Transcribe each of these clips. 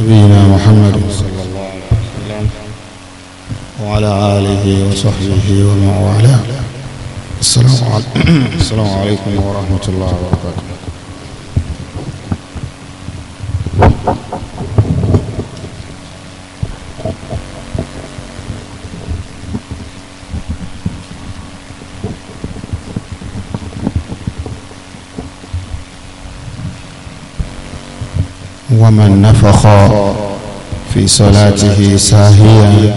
نبينا محمد صلى الله عليه وسلم وعلى آله وصحبه ومن والاه السلام, عليكم ورحمة الله وبركاته ومن نفخ في صلاته ساهيا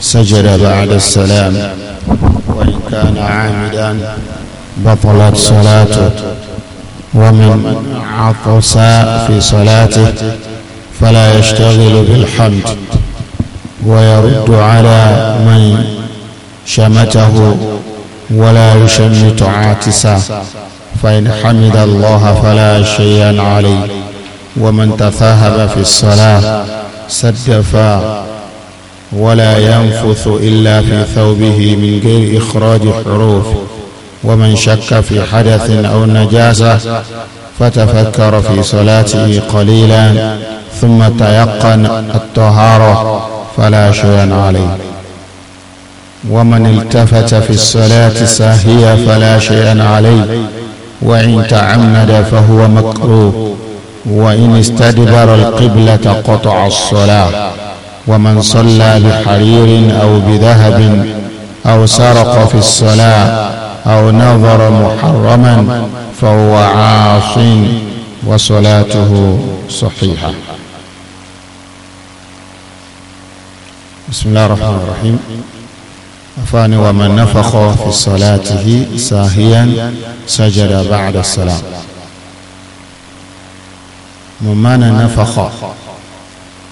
سجد بعد السلام وإن كان عامدا بطلت صلاته ومن عطس في صلاته فلا يشتغل بالحمد ويرد على من شمته ولا يشمت عاتسا فإن حمد الله فلا شيئا عليه ومن تفاهب في الصلاة سدفا ولا ينفث إلا في ثوبه من غير إخراج حروف ومن شك في حدث أو نجاسة فتفكر في صلاته قليلا ثم تيقن الطهارة فلا شيء عليه ومن التفت في الصلاة ساهية فلا شيء عليه وإن تعمد فهو مكروه وإن استدبر القبلة قطع الصلاة ومن صلى بحرير أو بذهب أو سرق في الصلاة أو نظر محرما فهو عاص وصلاته صحيحة بسم الله الرحمن الرحيم أفاني ومن نفخ في صلاته ساهيا سجد بعد السلام mo má na nafaqa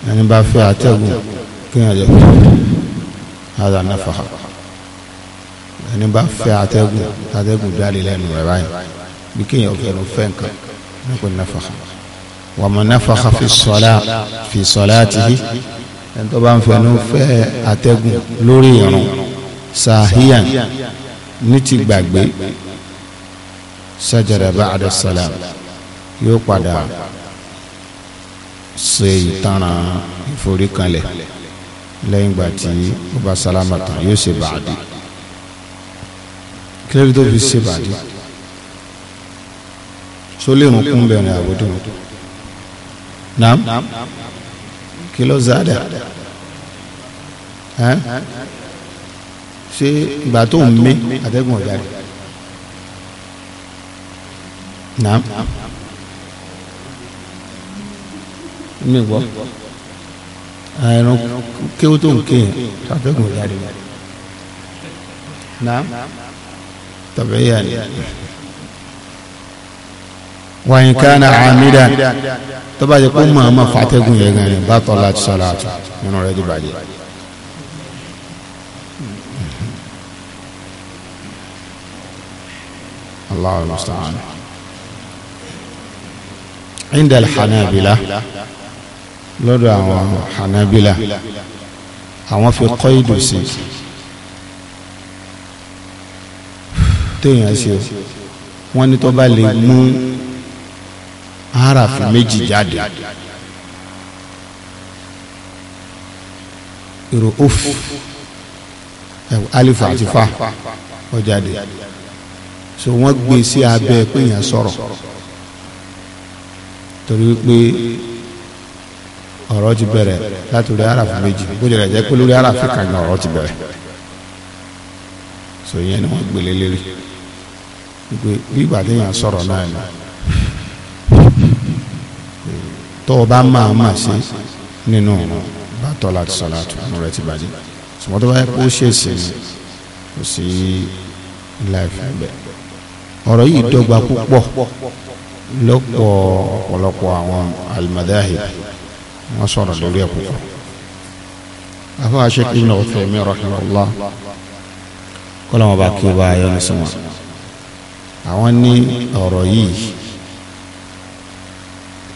ẹni bá fẹ́ àtẹ̀gùn kí ẹ lè fi ara nafaqa ẹni bá fẹ́ àtẹ̀gùn àtẹ̀gùn jáde lẹ́nu rẹ̀ báyìí bí kéèyàn fẹ́ ló fẹ́ nǹkan ní kò nafaqa wa man nafaqa fi sọlá fi salatihi ẹni tó bá ń fẹ́ fẹ́ àtẹ̀gùn lórí ìrun sahiyan ní ti gbàgbé sajada ba'da yóò padà ṣe ìtanràn ìforíkanlẹ̀ lẹ́yìn ìgbà tí ó bá sálámà tán yóò ṣe bàdí kí ló dé tó fi ṣe bàdí so lè rún kún bẹ̀rẹ̀ àbúdó naam kí ló zada ṣe ìgbà tó ń mí àtẹ́gùn ọ̀jáde naam. naam. mi gbọ́ ah, ah, ẹran kéwú tó ń kéyàn tàbẹ́gùn ìyá rẹ̀ náà tàbẹ́ ìyá rẹ̀ wàyín kánà àmìdá tó bá jẹ́ kó mọ̀ọ́mọ̀ fàtẹ́gùn yẹn gan ni bàtọ̀ láti sọ̀rọ̀ àtọ̀ nínú rẹ̀ ti bàjẹ́. Allahu musta'an. عند الحنابلة lọ́dọ̀ àwọn hanabila àwọn fi kọ́ ìdù sí téèyàn ṣe wọ́n ní tó bá lè mú harafi méjì jáde èrò off alifa àti fa ó jáde so wọ́n gbé sí abẹ́ pé èèyàn sọ̀rọ̀ torí pé ọ̀rọ̀ ti bẹ̀rẹ̀ láti orí àràfù méjì bó jẹ́ rẹ̀ jẹ́ pé lórí àràfù kan gan ọ̀rọ̀ ti bẹ̀rẹ̀ so yẹn ni wọ́n gbélé lérí wípé bí ìgbà téèyàn sọ̀rọ̀ náà ni tó o bá máa máa ṣe nínú bàtọ́ láti sọ̀rọ̀ àtúnú rẹ̀ ti bàjẹ́ sọ̀mọ́tò bá yẹ kó ṣèṣe ni kò sí láìfẹ́ bẹ́ẹ̀ ọ̀rọ̀ yìí dọ́gba púpọ̀ lọ́pọ̀ ọ̀pọ̀lọpọ̀ àwọn alimadahib wọ́n sọ̀rọ̀ lórí ẹ̀kọ́ kan afọ aṣèkí ní ọ̀fẹ́ mi rahimahullah kọ́lá wọn bá kí o bá ayọ́ ní sọ́wọ́n àwọn ní ọ̀rọ̀ yìí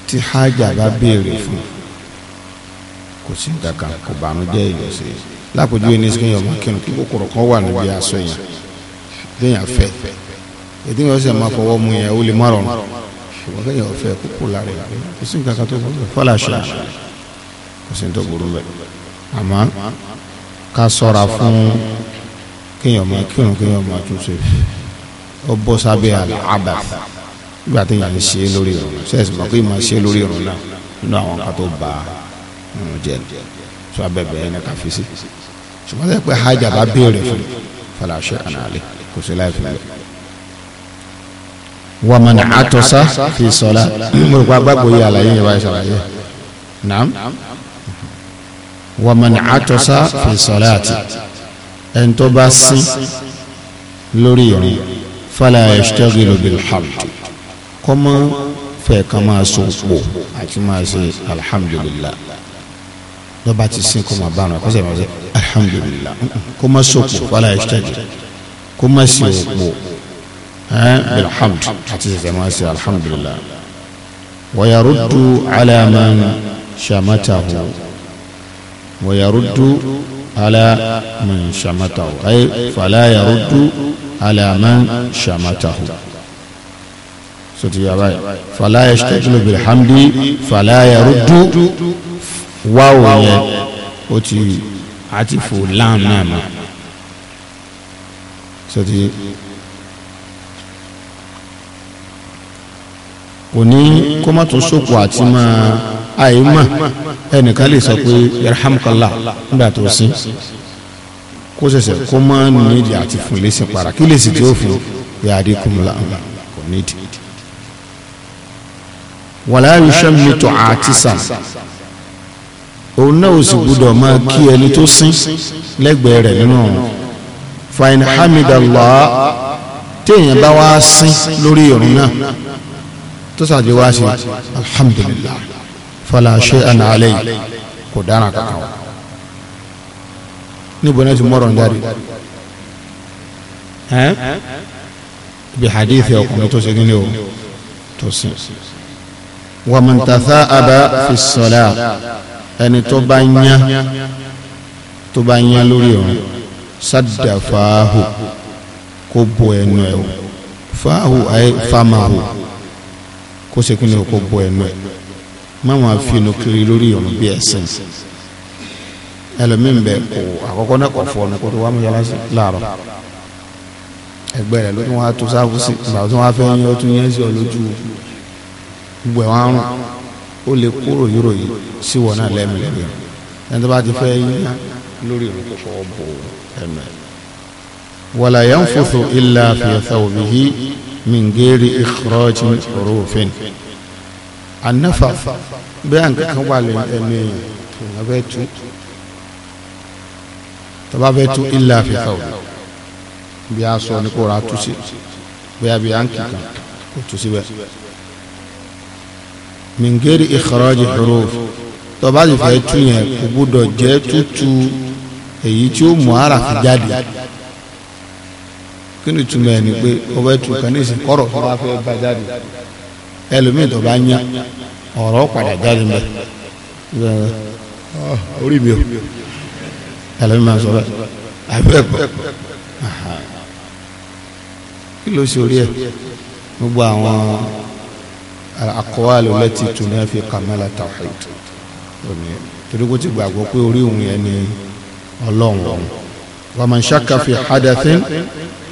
tí hájà bá béèrè fún kò sí kankan kò bànújẹ́ ìlú sí i lápòjúwe ní sikẹ́yìn ọmọ kírun kí kòkòrò kan wà níbi aṣọ yẹn déyàn fẹ́ ètò yẹn máa fọwọ́ mu yẹn ó lè má rọrùn ṣùgbọ́n kẹ́yìn ọ̀fẹ́ kúkú lára ẹ̀ kò sí nǹkan kan tó burú fọlá ṣe kò sí nǹkan tó burú bẹ̀ àmọ́ ká sọ̀ra fún kéèyàn máa kírun kéèyàn máa tún ṣe ó bọ́ sábẹ́ àbà nígbà téèyàn ń ṣe lórí ìrùn sẹ́ẹ̀sì mọ̀ pé máa ṣe lórí ìrùn náà nínú àwọn kan tó ba ìrùn jẹ́ sọ abẹ́bẹ́ ẹni ká fi sí ṣùgbọ́n sẹ́ẹ̀ pé hajj bá béèrè fún fọlá àná wa man atosa fi sọla mo rò pé agbágbó yìí àlàyé yẹn wáyé sàlàyé naam wa man atosa fi sọla àti ẹni tó bá sín lórí ìrìn fala yashtagilu bil hamd kọ́mọ́ fẹ́ kan máa so pò àti máa ṣe alhamdulillah lọ́ba ti sin kó máa bá wọn kọ́sẹ̀ máa ṣe alhamdulillah kó so pò fala yashtagilu kó máa ṣe òpò bilhamd àti ṣẹ̀ṣẹ̀ máa ṣe alhamdulillah wa yaruddu ala man shamatahu wa yaruddu ala man shamatahu ay fala yaruddu ala man shamatahu sotiya báyìí fala yashtakilu bilhamdi fala yaruddu wáwo yẹ o ti àti fò láàmú náà ma sotí. kò ní kó má tún sòkò àti máa àìmọ̀ ẹnìkan lè sọ pé yarhamkala nígbà tó sin kó ṣẹ̀ṣẹ̀ kó má nídìí àti fún ilésìn para kí lè sì tí ó fún yàrá kùmùlà kò nídìí. wàlá yusuf tó àti sàn òun náà ò sì gbúdọ̀ máa kí ẹni tó sin lẹ́gbẹ̀ẹ́ rẹ̀ nínú fain hamidallah téèyàn bá wá sin lórí ìrun náà tó sàdé wá sí alhamdulillah fala shay'an alayhi kò dára kankan wa níbo náà ti mọ̀rọ̀ ń jáde ẹ́n bí hadithi ọkùnrin tó segin ni o tó sin wa man fi salat ẹni tó bá yán tó bá yán lórí ọ̀run sadda kó bo ẹnu ẹ̀ o faahu ayé famahu kó sekú ni kò bọ ẹnu ẹ má máa fi inú kiri lórí ìrùn bí ẹsìn ẹlòmíín bẹ kó àkọ́kọ́ náà kọ̀ fọ́ ni kó tó wá mú yàrá sí láàárọ̀ ẹgbẹ́ rẹ ló tún wá tó sáfù sí ìgbà tó wá fẹ́ yín ó tún yẹn sí ọ lójú gbogbo ẹ̀ wọ́n á ó lè kúrò yúròyìn sí wọn náà lẹ́mìí lẹ́mìí ẹni tó bá ti fẹ́ yín lórí ìrùn kò fọ́ bò ẹnu ẹ̀. wàlàyé ń fòfò ilà fìyàtọ̀ òbí yìí min ghairi ikhrajin hurufin annafa bẹ́ẹ̀ nǹkan kan wà lẹ́nu ẹ̀mí èèyàn bẹ́ẹ̀ tú tọ́ba bẹ́ẹ̀ tú illa fi qawl bí a sọ ní kó ra tú sí bẹ́ẹ̀ bí a ń kì kan kó tú sí bẹ́ẹ̀ min ghairi ikhrajin huruf tọ́ba sì fẹ́ tú yẹn kò gbúdọ̀ jẹ́ tútù èyí tí ó mú ara fi jáde kí ni ìtumọ̀ ni pé ọba ètò kan ní ìsìn kọ́rọ̀ tó bá fẹ́ bá jáde ẹlòmíì tó bá yán ọ̀rọ̀ padà jáde mẹ́ ah, orí mi o ẹlòmíì máa sọ bẹ́ẹ̀ abẹ́ bọ̀ kí ló ṣe orí ẹ̀ gbogbo àwọn akọ́wàlù lẹ́tì tún ẹ̀ fi kàmẹ́lá tawhid torí kó ti gbàgbọ́ pé orí òun yẹn ni ọlọ́run ọ̀hún wa man shakka fi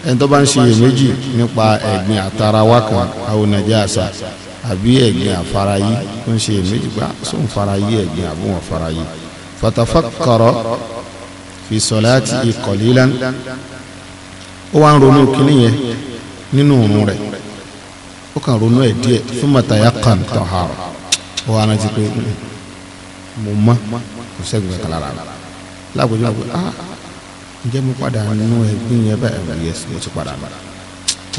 ẹni tó bá ń ṣiyè méjì nípa ẹ̀gbin àtarawa kan àwọn nàjàsà àbí ẹ̀gbin àfarayí tó ń ṣiyè méjì pé sóun farayí ẹ̀gbin àbúwọ̀n farayí fatafakkara fi salatihi qalilan ó wá ń ronú kínní yẹn nínú òórùn rẹ̀ ó kàn ronú ẹ̀ díẹ̀ thumma tayaqqan tahara ó wá rántí pé hmm, mo mọ́ kò sẹ́gun kankan lára rẹ̀ láàbójú náà ah ǹjẹ́ mo padà nínú ẹ̀gbìn yẹn bẹ́ẹ̀ mo yẹ mo ti padà bàrà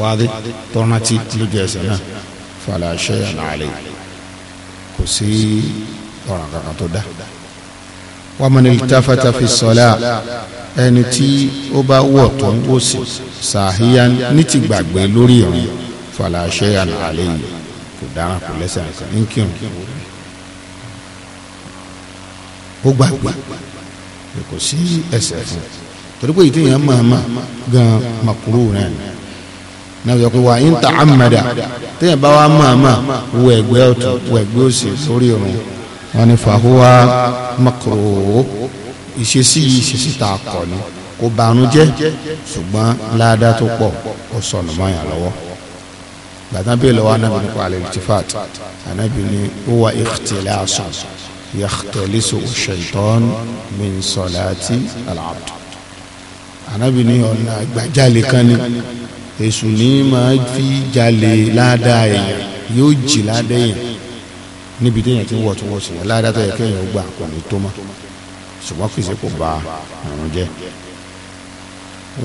wáde tọ́rántí lójú ẹsẹ̀ náà fàlà ṣe àlàyé kò sí ọ̀ràn kankan tó dá. wa man iltafata fi sọ́lá ẹni tí ó bá wọ̀ tó ń wò sí sàhíyán ní ti gbàgbé lórí ìrìn fàlà ṣe àlàyé yìí kò dára kò lẹ́sẹ̀ nìkan ní kírun ó gbàgbé kò sí ẹsẹ̀ fún un torí pé ìtìyàn màmá gan makuru rẹ̀ náà yọ pé wà ń ta amada téèyàn bá wà màmá wọ ẹgbẹ́ ọ̀tún wọ ẹgbẹ́ òsì sórí irun wọn ni fàhùwà makuru ìṣesí yìí ìṣesí tá a ni kò bànújẹ́ ṣùgbọ́n ládàá tó pọ̀ ó sọnù mọ́ yàn lọ́wọ́ gbàtà bẹ́ẹ̀ lọ́wọ́ anábì ní kọ́ al-iltifat anábì ní huwa ikhtilasun yakhtalisu ash-shaytan min salati al-abd anábì ní ọ̀nà àgbàjálè kan ni èṣù ní máa fi jalè ládàá èèyàn yóò jì ládàá èèyàn níbi téèyàn ti ń wọ̀ tó wọ̀ sí wọn ládàá tó yẹ kéèyàn gbà kò ní tó mọ́ ṣùgbọ́n kì í ṣe kò bá àrùn jẹ́.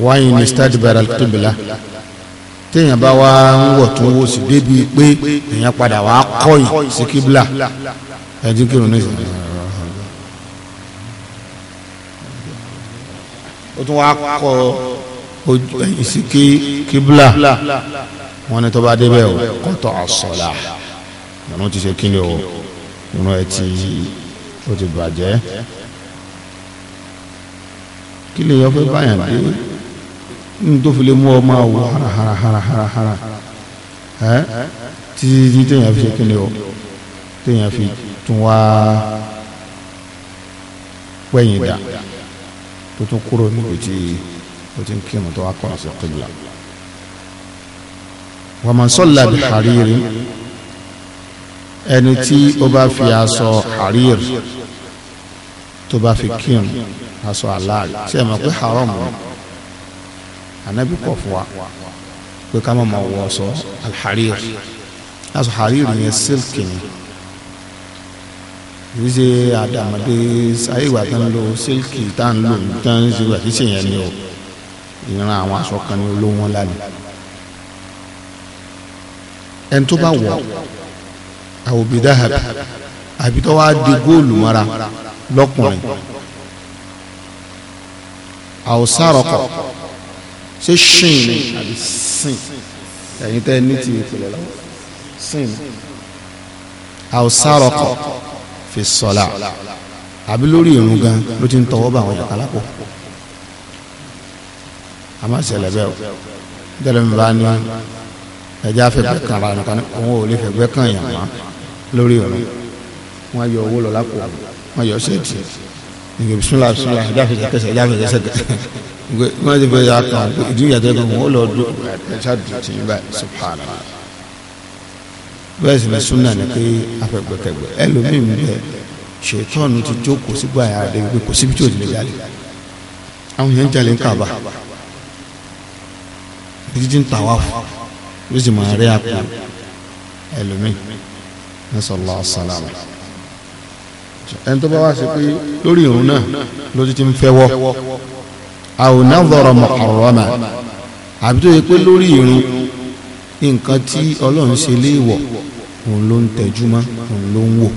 wáyé ní stade baral tóbìlá téèyàn bá wá ń wọ̀ tó wọ̀ sí débi pé èèyàn padà wá kọ́yìn sí kíbla ẹ̀dínkìrún ní ìsìn náà ó tún wá kọ ìsìnkí kíbla wọn ni tó bá débẹ̀ o kọ́tọ̀ àsọ̀là ìrún ti ṣe kíni o ìrún ẹ ti ó ti bàjẹ́ kí lè yọ pé báyàn dé ní tó fi lè mú ọmọ àwò haraharahara ẹ títí téèyàn fi ṣe kíni o téèyàn fi tún wá pẹ́yìn dà tó tún kúrò níbi tí ó ti ń kírun tó wá kọ̀rọ̀ sí kíbla wa man salla bi hariri ẹni tí ó bá fi aṣọ harir tó bá fi kírun aṣọ aláàlì ṣe é mọ̀ pé haram anabi kọ̀ fún wa pé ká má ma wọ aṣọ alharir aṣọ harir yẹn sílkì ni kìí ṣe àdàmọ̀dé ayéwà tó ń lo sílkì tá ń lò tó ń ṣe wà kìí ṣe yẹn ni o ìran àwọn aṣọ kan ní olówó ńlá ni ẹni tó bá wọ̀ àwòbí dáhàbí àbí tó wá di góòlù mọ́ra lọ́kùnrin àwòsàrọ̀kọ̀ ṣé ṣìn ni àbí sìn ẹ̀yin tẹ́ ní ti ìpìlẹ̀ lọ́wọ́ sìn àwòsàrọ̀kọ̀ fi sọlá àbí lórí irun gan ló ti ń tọwọ́ bá àwọn yàrá lápò a máa ṣẹlẹ̀ bẹ́ẹ̀ o jẹ́rẹ̀ mi bá ní ẹja fẹ́gbẹ́ kan ara nìkan òun ò lè fẹ́gbẹ́ kan yàn wá lórí irun wọn yọ owó lọ lápò wọn yọ ṣéètì nígbà bisimilá bisimilá ẹja fẹsẹ̀ kẹsẹ̀ ẹja fẹsẹ̀ kẹsẹ̀ wọn ti fẹ́ yà kàn ìdí wọn ò lọ dùn ẹ̀ṣá dùn tì í báyìí subhanallah bẹ́ẹ̀ sì ni súnà ni pé afẹ́gbẹ́kẹ̀gbẹ́ ẹlòmíì ń bẹ ṣètọ́nù ti jókòó sígbà yà rẹ̀ wípé kò síbi tí ò lè jalè àwọn yẹn ń jalè ń kàbà títí ń tàwa fún yóò sì máa rí àpò ẹlòmíì nasọlá sàlámù ẹni tó bá wá sí pé lórí ìrun náà ló ti ti ń fẹ́ wọ́ àwọn náà mọ̀ ọ̀rọ̀ náà àbí tó yẹ pé lórí ìrun nǹkan tí ọlọ́run ṣe léèwọ̀ òun ló ń tẹjúmọ́ òun ló ń wò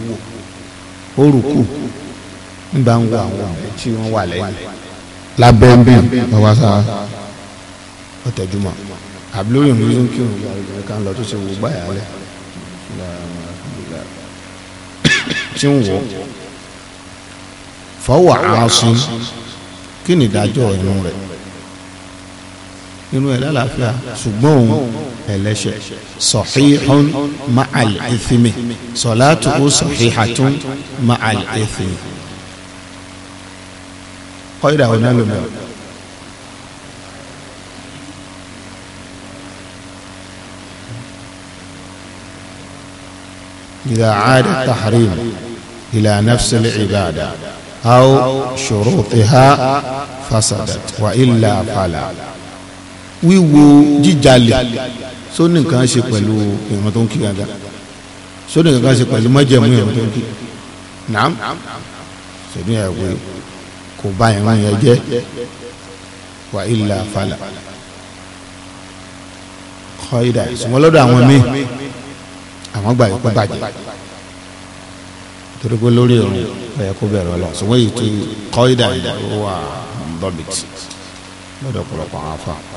ó rùkù nígbà ń wo àwọn ọ̀rẹ́ tí wọ́n wà lẹ́yìn lábẹ́ ń bì bàbá sá ọ tẹjúmọ́ àbí lórí òun ló ń kírun ìyá obìnrin kan lọ tó ṣe wò gbáyà lẹ tí ń wò fọwọ́ àwọn kí ni ìdájọ́ ìrun rẹ̀. nínú ẹ̀ lálàáfíà ṣùgbọ́n òun ẹlẹ́ṣẹ̀ sọ̀híhun ma'al ithimi sọ̀látù ó sọ̀híhatun ma'al ithimi. kọ́ ìdá òun náà ló mẹ́wàá. إذا عاد التحريم إلى نفس العبادة أو شروطها فسدت وإلا فلا wíwo jíjalè sóní nǹkan ṣe pẹ̀lú ìran tó ń kí gàgà sóní nǹkan ṣe pẹ̀lú májẹ̀mú ìran tó ń kí nàám sóní ẹ̀wé kò bá ìran yẹn jẹ́ wà ilà falà kọ́ ìdá ìsúnmọ́ lọ́dọ̀ àwọn míì àwọn gbà yìí kó bàjẹ́ torí pé lórí òun ọ̀yẹ́ kó bẹ̀rẹ̀ lọ ṣùgbọ́n èyí tó kọ́ ìdá ìdá wà ń bọ̀ bìtì lọ́dọ̀ ọ̀pọ̀lọpọ̀ àwọn afọ àwọn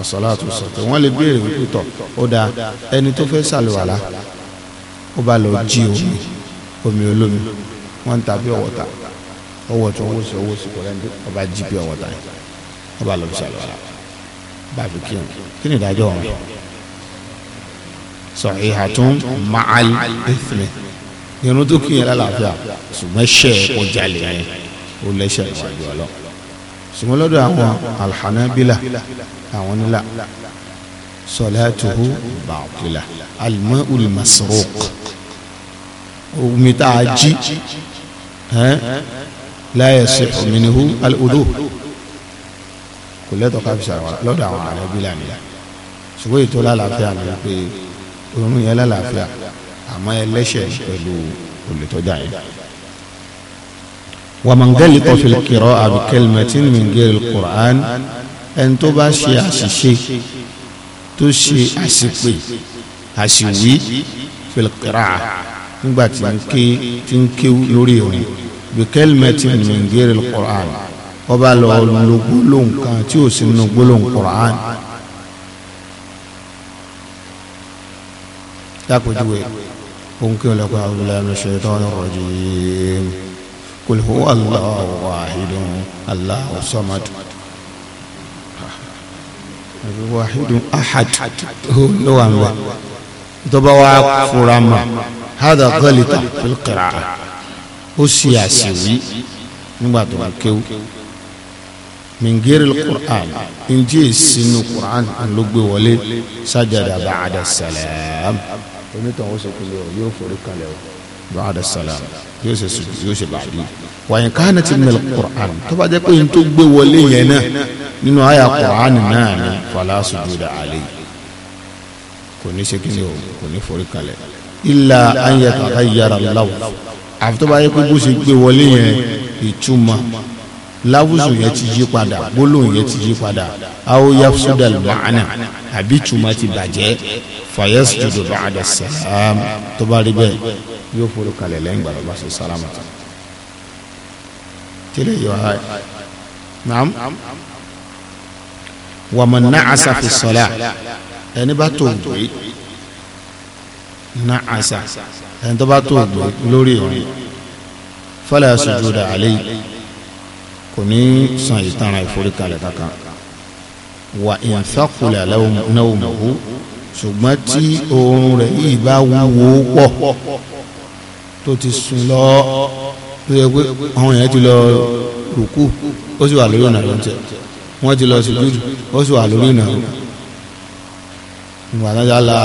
ọ̀sọ̀láàtò sọ̀tọ̀ wọ́n lè béèrè wípé tọ̀ ó dáa ẹni tó fẹ́ sàlùwàlá ó bá lọ jí omi omi olómi wọ́n ń ta bí ọ̀wọ́ta ọwọ́ tó owó sí owó sí kò rẹ́ndé ọba jí bí ọ̀wọ́ta yẹn ó bá lọ sàlùwàlá bàbí kí ni kí ni ìdájọ́ wọn sahihatun ma'al ithmi irun tó kí yẹn lálàáfíà ṣùgbọ́n ṣe é kó jalè yẹn ó lẹ́sẹ̀ ìwájú ọlọ́run ṣùgbọ́n lọ́dọ̀ àwọn alhanabila àwọn nílà sọláàtúhù bàtìlà alimọ́ olùmọ̀sọ̀rọ̀k omi tá a jí láyé sí ọ̀mìnihu alódò kò lẹ́tọ̀ ká fi ṣàwọn lọ́dọ̀ àwọn alhanabila nílà ṣùgbọ́n ètò lálàáfíà ni wípé oorun yẹn lálàáfíà àmọ́ ẹlẹ́ṣẹ̀ pẹ̀lú wàmàngálì kọfìlì kìrọ àbíkẹlìmẹtìn mìngẹrì kùrán ẹni tó bá ṣe àṣìṣe tó ṣe àṣìpè àṣìwí fìlìkìrà nígbà tí ń ké tí ń ké lórí ìrìn àbíkẹlìmẹtìn mìngẹrì kùrán ọba lọ lo gbólóhùn kan tí ò sí nínú gbólóhùn kùrán. lápèjúwe òun kí ọlọ́pàá ọlọ́pàá ṣe tọ́ ọ̀rọ̀ jìnnìyẹn kul huwa Allahu wahidun Allahu samad wahidun ahad ló wà ń bẹ dọba wa fura ma hada ghalita fil qira'a ó sì àṣìwí nígbà tó bá kéwú min ghairi al-Qur'an njẹ sinu Qur'an ló gbé wọlé sajada ba'da salam onítàn ó sì kúlẹ̀ yóò forí kalẹ̀ o bàdà sàlám yóò ṣe sùn yóò ṣe bàdí. wàyìn káàna ti mẹ́lẹ̀ qur'an tó bá jẹ́ pé n tó gbé wọlé yẹn náà nínú àyà qur'an náà ni fàlà sùjúdà àlẹ́ kò ní ṣe kíni o kò ní forí kalẹ̀. ilà ayẹ̀kọ̀ ayára lawù àfi tó bá jẹ́ pé bó ṣe gbé wọlé yẹn ìtumọ̀ láwùzù yẹn ti yí padà gbólóhùn yẹn ti yí padà awo yafsudal maana àbí tuma ti bàjẹ́ fayes judo baada salam tó bá rí bẹ́ẹ̀ yóò forí kalẹ̀ lẹ́yìn gbàdọ̀ bá sọ sálámà tó tẹ́lẹ̀ yọ ha naam wàmọ̀ náà asafi sọlá ẹni bá tó gbé na asa ẹni tó bá tó gbé lórí ìrìn fala sujuda alayhi kò ní san ìtanràn ìforíkalẹ̀ kankan wà ìyànsákulẹ̀ aláwọ̀ náà mọ̀hó ṣùgbọ́n tí oorun rẹ̀ yìí bá wúwo pọ̀ tó ti sùn lọ tó yẹ pé àwọn yẹn ti lọ rùkú ó sì wà lórí ọ̀nà lọ́tẹ̀ wọ́n ti lọ sùjúdù ó sì wà lórí ọ̀nà lọ́tẹ̀ ìwà adájọ́ ala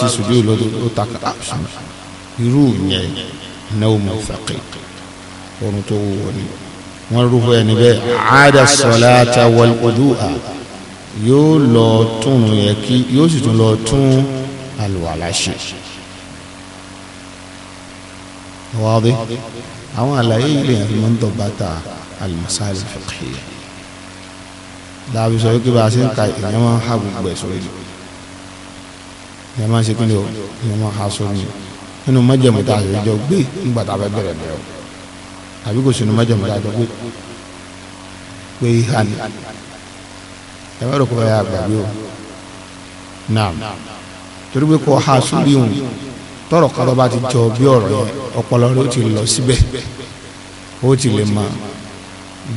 ti sùjúdù lọ́tọ̀ ó ta ká ah, irú yẹn náà mọ̀ fàkì oorun tó wúwo ni wọ́n rúfọ ẹni bẹ́ẹ̀ àádà sọ̀láta wọlọ́dún à yóò lọ tún yẹ kí yóò sì tún lọ tún àlùwàlá ṣe. wáwé àwọn àlàyé ilé yẹn fi máa ń tọ́ bàtà alimusali fiqhiya dàbí sọ wípé bá a ṣe ń ka ìyẹn máa ń ha gbogbo ẹ̀ sórí ìyẹn máa ń ṣe kí ni o ìyẹn máa ń ha sórí nínú májèmú tá a ṣe jọ gbé nígbà tá a fẹ́ bẹ̀rẹ̀ bẹ̀rẹ̀ o àbí kò sínú májàmú dáadọ́ pé pé ìhà ni ẹ má rò pé ẹ àgbàgbé o naam torí pé kò ha sórí òun tọrọ kọrọ bá ti jọ bí ọ̀rọ̀ yẹn ọpọlọ rẹ ó ti lọ síbẹ̀ ó ti lè mọ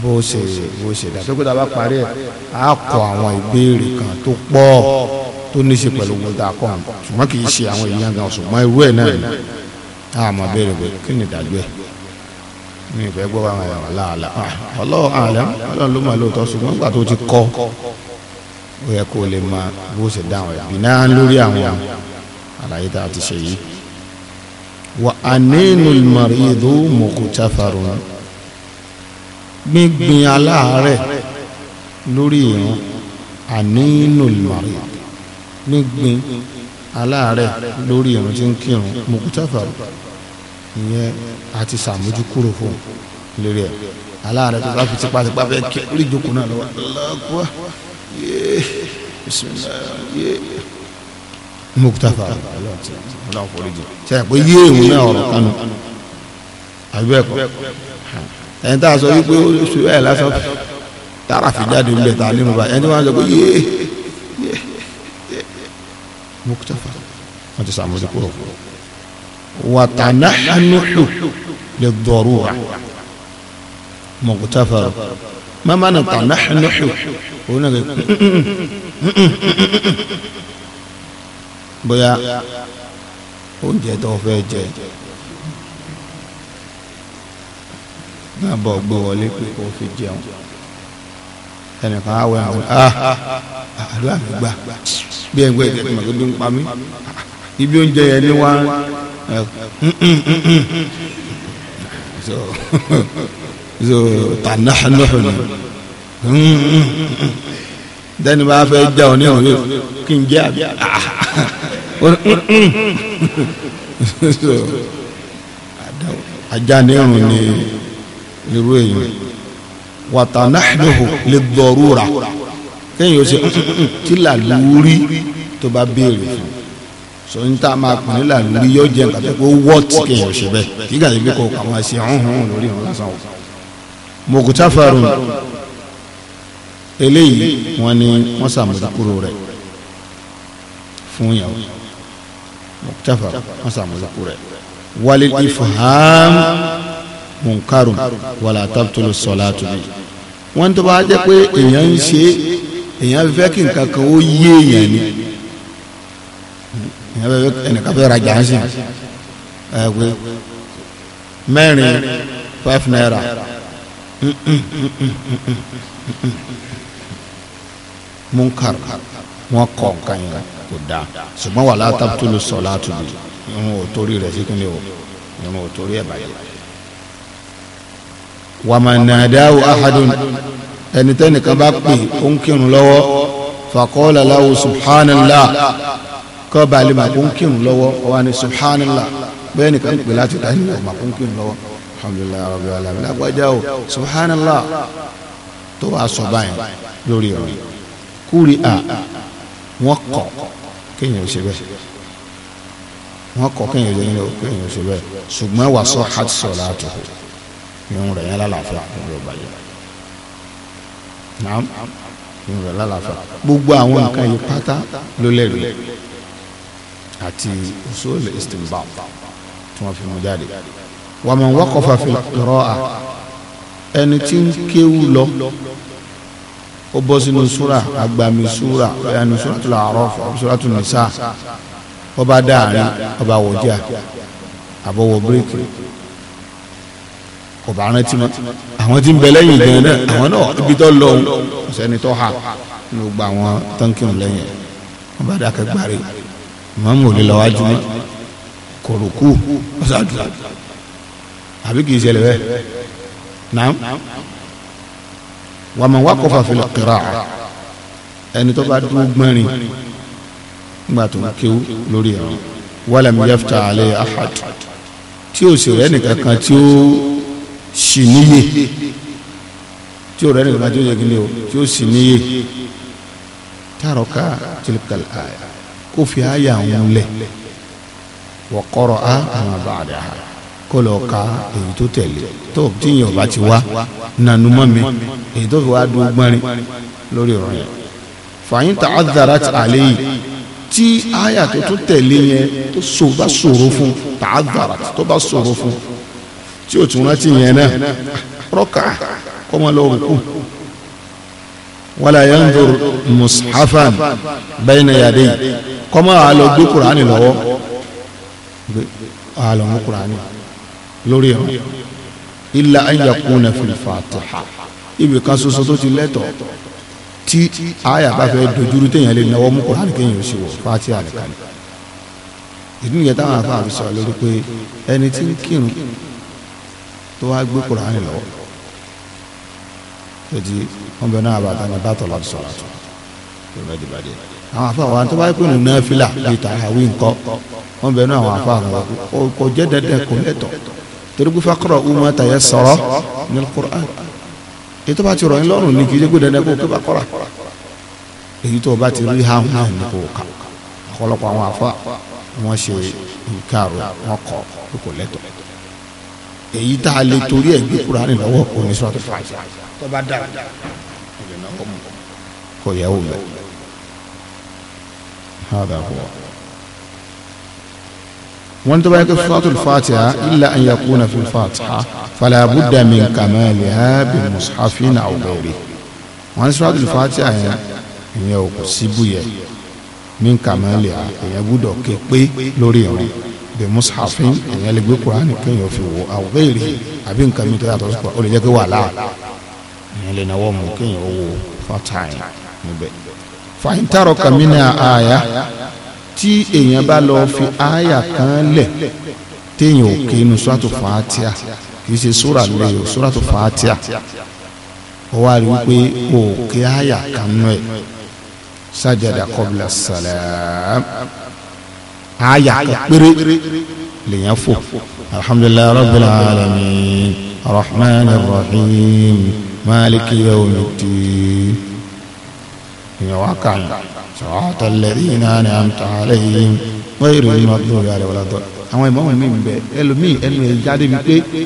bó ṣe bó ṣe dá tókítà bá parí ẹ á kọ àwọn ìbéèrè kan tó pọ̀ tó ní í ṣe pẹ̀lú gbogbo àkọ́ àwọn ṣùgbọ́n kì í ṣe àwọn èèyàn gan ṣùgbọ́n irú ẹ̀ náà ni àmọ́ béèrè pé kí ni ìdájọ́ ẹ̀ ní ìfẹ́ gbọ́ bá wọn yàrá làálà ah, ọlọ́run àlẹ́ ọlọ́run ló mọ̀ lóòótọ́ ṣùgbọ́n nígbà tó ti kọ́ ó yẹ kó lè máa bó ṣe dáhùn ẹ̀ bí náà lórí àwọn àlàyé tá a ti ṣe yìí. wà á nínú ìmọ̀rìndó mọ̀kútàfàrò gbíngbin aláàárẹ̀ lórí ìrún ànínú ìmọ̀rìn gbíngbin aláàárẹ̀ lórí ìrún tí ń kírun mọ̀kútàfàrò ìyẹn àti sàmójú kúrò fún lérí ẹ aláàrẹ tó bá fi tipátipá fẹ́ kí orí ìjókòó náà lọ́wọ́ aláàgbà yéé bisimilayi yéé mukutafa Ọlọ́run forí jù ṣe é pé yéé òun náà ọ̀rọ̀ kanu àbí ẹ̀kọ́ ẹni tá a sọ wípé ó ṣe ẹ lásán tára fi jáde bẹ tá a nínú ba ẹni tí wọn sọ pé yéé mukutafa wọn ti sàmójú kúrò fún ọ watanahanuhu lè dọ̀rù wa mọ̀kútàfà mama na tanahanuhu òun náà kẹ bóyá oúnjẹ tó fẹ́ jẹ náà bọ̀ gbé wọlé pé kò fi jẹun ẹnìkan awẹ awẹ ah àdúrà mi gbà bí ẹ ń gbé ìdẹ́gbẹ̀mọ̀ tó bí ń pa mí ibi oúnjẹ yẹn ni wọ́n so so tanahanuhun dẹni b'a fẹ́ ja o ni o ye kí n jẹ abi o so ajá ni irun ni irú èyí wa tanahanuhun lè dọrú ra kéèyàn ó ṣe tí mm, mm, mm, làlúurí tó bá béèrè so n ta máa kùn nílà lórí yóò jẹ nǹkan tó kó wọ́ọ̀tì kéèyàn ṣe bẹ́ẹ̀ kí gàdé bí kò àwọn àṣẹ ọ̀hún ọ̀hún lórí ọ̀hún lásán o. mọ̀kútà farun eléyìí wọ́n ní wọ́n sàmójúkúrò rẹ̀ fún yàwó mọ̀kútà farun wọ́n sàmójúkúrò rẹ̀ wálé ifham munkarun wàlá tabtulu salatu bi wọ́n tó bá jẹ́ pé èèyàn ń ṣe èèyàn fẹ́ kí nǹkan kan ó yé èèyàn ni ẹnìkan fẹ́ rajà ń sìn ẹ pé mẹ́rin five naira munkar wọn kọ nǹkan yẹn kò dáa ṣùgbọ́n wàhálà tábùtúlù sọ̀lá àtúbí ìrun ò torí rẹ̀ sí kíni o ìrun ò torí ẹ̀ bàjẹ́. wàmànàdáwò ahadun ẹnitẹ́nìkan bá pè ó ń kírun lọ́wọ́ fàkọ́ọ́lá láwù subhanallah kọ́ balẹ̀ màkúnkìrún lọ́wọ́ ọwọ́ ni subhanallah bẹ́ẹ̀ nìkan pè láti dání lọ màkúnkìrún lọ́wọ́ alhamdulilayi rabbil alamin lágbájá o subhanallah tó wàá sọ báyìí lórí ọ̀rọ̀ kúri a wọ́n kọ̀ kéèyàn ò ṣe bẹ́ẹ̀ wọ́n kọ̀ kéèyàn ò ṣe bẹ́ẹ̀ kéèyàn ò ṣe bẹ́ẹ̀ ṣùgbọ́n wàá sọ àti sọ̀rọ̀ àtúkù irun rẹ̀ yẹn lálàáfíà irun rẹ̀ bàjẹ́ naam irun rẹ̀ lálàáfíà gbogbo àwọn nǹkan yìí pátá ló lẹ́rìí àti usul istinbat tí wọ́n fi mú jáde wa man waqafa fil qira'a ẹni tí ń kéwú lọ ó bọ́ sínú súra agbami súra ẹni suratul A'raf suratul Nisa ó bá dáàrin ó bá wọjà àbọ̀wọ̀ bíríkì kò bá rántí mọ́ àwọn tí ń bẹ lẹ́yìn gan náà àwọn náà ibi tó lọ òun ọ̀sẹ̀ tó hà ní gbogbo àwọn tọ́ńkì ọ̀hún lẹ́yìn wọn bá dákẹ́ gbárí màmú ò lè lọ wájú mọ́ kòrókù ọ̀sàdù àbí kì í ṣẹlẹ̀ bẹ́ẹ̀ naam wàmọ̀ wá kọfà fil qira'a ẹni tó bá dúró gbọ́nrin nígbà tó ń kéwú lórí ẹ̀rọ walam yafta alẹ́ ahad tí o sì rẹ́ nìkan kan tí ó sì níyè tí o rẹ́ nìkan kan tí ó yẹ kí ni o tí ó sì níyè tààrọ̀ ká tìlùkàlà àyà kó fi àyà òun lẹ̀ wa qara'a ma ba'daha kó lọ ka èyí tó tẹ̀lé tó tíyàn bá ti wá nànú mọ́ mi èyí tó fi wá dún gbọ́nrin lórí ọ̀rọ̀ yẹn fàyín ta'adharat alayhi tí àyà tó tún tẹ̀lé yẹn tó so bá ṣòro fún ta'adharat tó bá ṣòro fún tí o tún rántí yẹn náà rọ́kà kọ́ máa lọ rùkú wala yanzur mushafan bayna yadayhi kọ́mọ́ àá lọ gbé kuraani lọ́wọ́ gbé àá lọ mú kuraani lórí ẹ̀rọ ilà ayà kúnà fìlfàtà ibi kan ṣoṣo tó ti lẹ́tọ̀ tí àyà bá fẹ́ dojúrú téèyàn lè náwó mú kuraani kéèyàn ò sì wọ̀ fàtí àlẹ́kàlẹ́ ìdí nìyẹn táwọn afáàfin sọ̀rọ̀ lórí pé ẹni tí ń kírun tó wá gbé kuraani lọ́wọ́ tòdì wọn bẹ náà bàtà ní bàtà lọ́dún sọ̀rọ̀ tó lọ́dún bàdé àwọn afa wa tó bá yẹ kó nù náà fila lè ta àwí nkọ wọn bẹ nù àwọn afa wa kò jẹ dandan kò lẹtọ torípé fakọrọ uma ta yẹ sọrọ ní alukur'an ètò bá ti rọ yín lọ́rùn ní kí jẹ́ kó dandan kó kó èyí tó o bá ti rí hàn hàn ní kò kà ọ̀pọ̀lọpọ̀ àwọn afa wọn ṣe ìkarò wọn kọ kò lẹtọ èyí tá a lè torí ẹ gbé kúránì lọ́wọ́ kò ní sọ́ọ́ tó fà á tó bá dára kò yẹ wò lọ. هذا هو وانت بقى صلاة الفاتحة إلا أن يكون في الفاتحة فلا بد من كمالها بالمصحف أو غيره وان صلاة الفاتحة ìyẹn ò kò síbú yẹ ní kàmáàlì à èyàn gbúdọ̀ ké pé lórí ìrìn the mushafin èyàn lè gbé kuraani kéèyàn fi wò àwòrán èrè àbí nǹkan mi tó yàtọ̀ sọ́kọ̀ ó lè jẹ́ pé wàhálà èyàn lè náwó mu kéèyàn ó wò fọ́tàì níbẹ̀ fàyíntàrọ̀ kàmínà àyà tí èèyàn bá lọ fi àyà kan lẹ̀ téèyàn ò ké inú sóràtò fàátíà kì í ṣe sóra lè o sóràtò fàátíà ó wá rí wípé o ò ké àyà kan nú ẹ̀ sajada qabla salam àyà kan péré lèyàn fò alhamdulilayi rabbil alamin rahman rahim maliki yawmiddin èèyàn wá kà yín sọ̀rọ̀ alladhina an'amta alayhim ghayril maghdubi alayhim wala dhalin àwọn ìmọ̀mọ̀ mi bẹ ẹlòmíì ẹnu ẹ̀ jáde bíi pé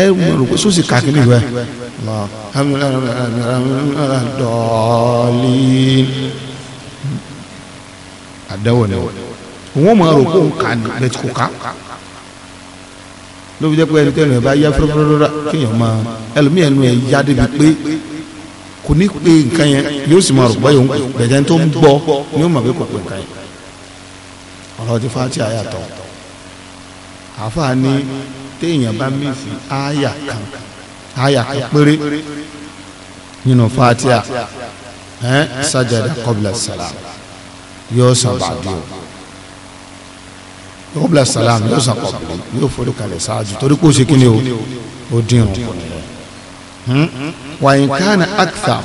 ẹ rò pé sósì kàkiri wẹ̀ dọ́ọ̀lì àdẹ́wọ̀ ni wọ́n máa rò pé kà ní bẹ́ẹ̀ ló fi jẹ́ pé ẹni tẹ́lẹ̀ bá yá fúrúfúrú rà kéèyàn máa ẹlòmíì ẹnu ẹ̀ jáde bíi kò ní pé nǹkan yẹn yóò sì máa rò bọ́ yòókù bẹ̀jẹ̀ tó ń gbọ́ ni ó mọ̀ pé kò pé nǹkan yẹn ọ̀rọ̀ ti fati àyà tọ̀ àáfàá ni téèyàn bá mìsì àyà kan àyà kan péré nínú fati à ẹ́ sajada qabla salam yóò san bàdí o qabla salam yóò san kọ̀bìlì yóò forí kalẹ̀ ṣáájú torí kó ṣe kí o ó dín òun kò ní lọ wàyìn kánà akthar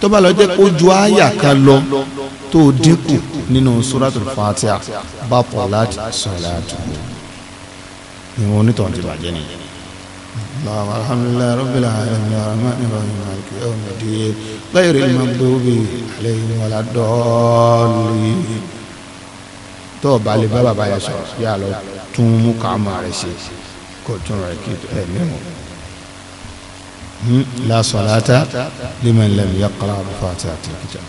tó bá lọ jẹ́ kó ju àyà kan lọ tó dínkù nínú suratul fatiha bá pọ̀ láti sọ̀rọ̀ àdúgbò ìwọ̀n onítọ̀ ti bàjẹ́ nìyẹn. اللهم رب العالمين الرحمن الرحيم مالك يوم الدين غير المغضوب عليهم ولا الضالين tó o bá lè bá bàbá yẹn sọ̀rọ̀ yà á lọ tún mú kàámà rẹ̀ la salata liman lam yaqra bi fatihatil kitab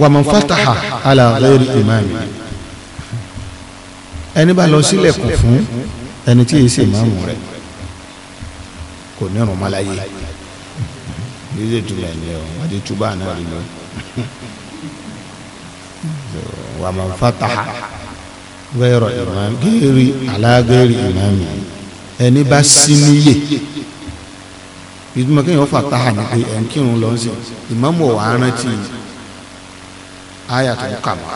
wa man fataha ala ghayri imami ẹni bá lọ sílẹ̀kùn fún ẹni tí yìí ṣe ìmáàmù rẹ̀ kò ní ọ̀rùn malaye ní ṣe tu ẹ̀ ní ọ̀rùn wọ́n túbọ̀ àná rẹ̀ lọ. wàmọ̀ fataha gẹ́rọ ìmáàmù gẹ́rì alágẹ́rì ìmáàmù yìí ẹni bá sí níyè ìdúmọ̀ kéèyàn fà táhà ní pé ẹ̀ń kírun lọ sí ìmáàmù ọ̀wà arántí àyà tó kà wá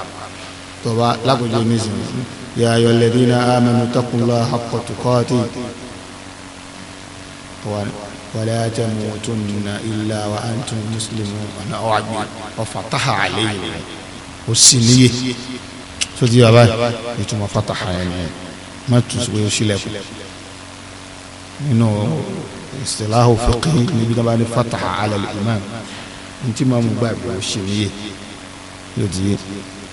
tọba lákòjọ nísìnyí yà ayọ̀ lẹ́dínà amanu taqullaha haqqa tuqati wàlẹ́ ajá mu tó nùnà illa wa antum muslimun ọ̀nà ọ̀gbìn ọ̀fà táhà àlẹ́ yìí ó sì níyè sotí yàrá ìtumọ̀ fàtàhà yẹn má tùsùwé sílẹ̀kùn nínú istilahu fiqh níbi dábàá ní fataha ala al-imam ntí máa mú gbà bí wọ́n ṣe níyẹ yóò di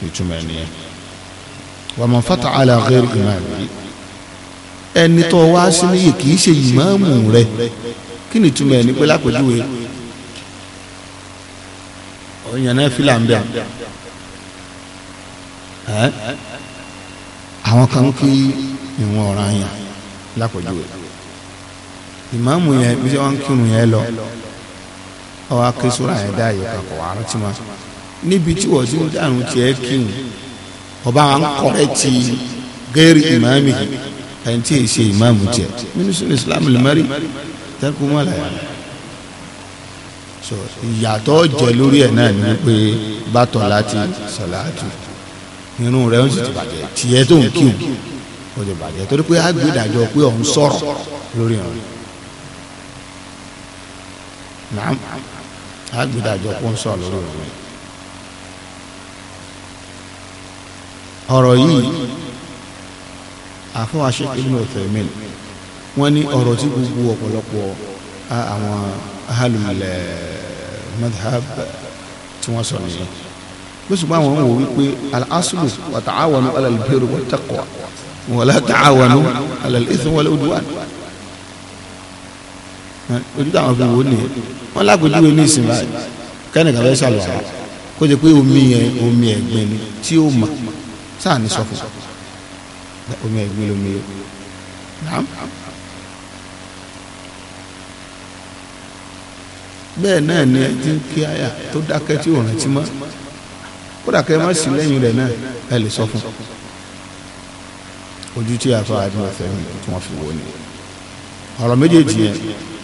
ìtumọ̀ ẹnìyẹn wa man fataha ala ghayri imam yìí ẹni tó wá sí níyẹ kì í ṣe ìmáàmù rẹ kí ni ìtumọ̀ ẹni pé lápèjúwe ọ̀yàn náà fi là àwọn kan kí ìwọ̀n ọ̀ràn yẹn lápèjúwe ìmáàmù yẹn bí wọ́n ń kírun yẹn lọ ọwọ́ akésúra yẹn dá yìí kakọ̀ wàhálà tí ma níbi tí wọ́n ti ń dàrún tiẹ̀ kírun ọba à ń kọ́rẹ́ ti gẹ́rì ìmáàmù yìí ẹni tí yìí ṣe ìmáàmù tiẹ̀ mínísírì islam lùmárì tẹ́kùn mọ́lá yẹn ìyàtọ̀ jẹ lórí ẹ̀ náà ni wípé bàtọ̀ láti sàlátù irun rẹ̀ ń sì ti bàjẹ́ tiẹ̀ tó ń kírun ó ti bàjẹ́ torí pé àgbẹ̀dàjọ pé òun sọ̀rọ̀ lórí ọ̀run nàám àgbèdàjọ kó ń sọ lórí ọ̀rọ̀ yìí ọ̀rọ̀ yìí àfọwàṣẹ ibn Uthaymin wọn ní ọ̀rọ̀ tí gbogbo ọ̀pọ̀lọpọ̀ àwọn ahalùmọ̀lẹ̀ eh, madhab tí wọ́n sọ nìyẹn lóṣùpá àwọn wò wípé al-aslu wa ta'awanu ala al-birri wa taqwa wa ojú táwọn fi wò ó nìyẹn wọn lágbèjúwe ní ìsìn báyìí kẹ́nìkan fẹ́ ṣàlùwà kó jẹ pé omi yẹn omi ẹ̀gbin ni tí ó mà sáà ní sọ fún omi ẹ̀gbin lomi yẹn bẹ́ẹ̀ náà ni ẹ ti ń kí àyà tó dákẹ́ tí ò rántí mọ́ kódà kẹ́ ẹ má sí lẹ́yìn rẹ̀ náà ẹ lè sọ fún ojú tí a fa àdúrà fẹ́ràn tí wọ́n fi wò ni ọ̀rọ̀ méjèèjì yẹn.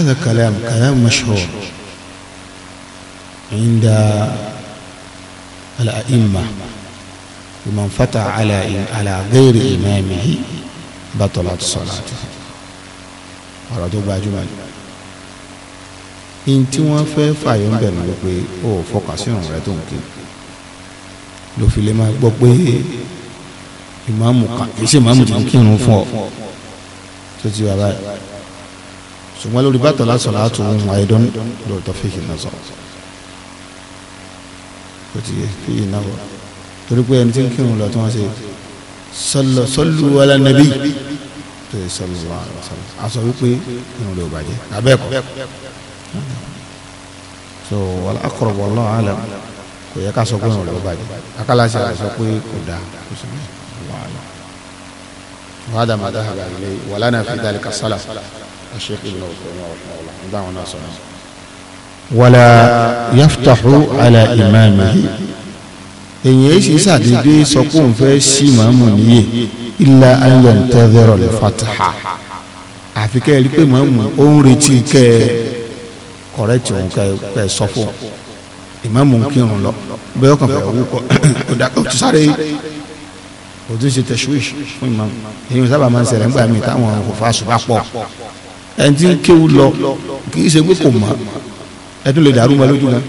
هذا كلام كلام مشهور عند الأئمة ومن فتح على على غير إمامه بطلت صلاته ọ̀rọ̀ gbajúmọ̀ ni n tí wọ́n fẹ́ fààyè ń bẹ̀rù ló pé ó fọkàn sí ọ̀rùn rẹ tó ń ké ló fi lè máa gbọ́ pé ìmáàmù kan kì í ṣe ìmáàmù ti ń kírun fún ọ tó ti wà báyìí ṣùgbọ́n lórí bàtà lásán láti ohun àìdán lórí tó fìhì náà sọ kò tí fìhì náà wọ torí pé ẹni tí ń kírun lọ tí wọ́n ṣe sọlù wàlà nàbí tó yẹ sọlù wàlà sọlù a sọ wípé irun lè bàjẹ́ abẹ́kọ̀ so wàlà akọrọ bọ̀ lọ́wọ́ kò yẹ ká sọ pé irun lè bàjẹ́ akálàṣẹ àṣọ pé kò dáa kò sọ wàhálà wàhálà wàlà náà fi dálé ká الشيخ ابن دعونا سنة ولا يفتح على إمامه إن èsì sàdédé sọ في òun fẹ́ ṣí màmú níyè ilà ayọ̀ ntẹ́dẹ̀rọ̀ lè fataha àfi kẹ́ ẹ rí pé màmú ó ń retí kẹ́ ẹ kọ̀rẹ́tì òun kẹ́ ẹ sọ fún un ìmàmù ń kírun lọ bẹ́ẹ̀ kàn fẹ́ wú kọ́ ọ̀dà òtún sáré òtún ṣe tẹ̀síwìsì fún ìmàmù èyí sábà máa ń ṣẹlẹ̀ ńgbà míì táwọn kò fa ṣùgbọ́n pọ̀ ẹni tí ń kéwu lọ kì í ṣe pé kò mọ̀ ẹ tún lè dàrú mọ́ lójú náà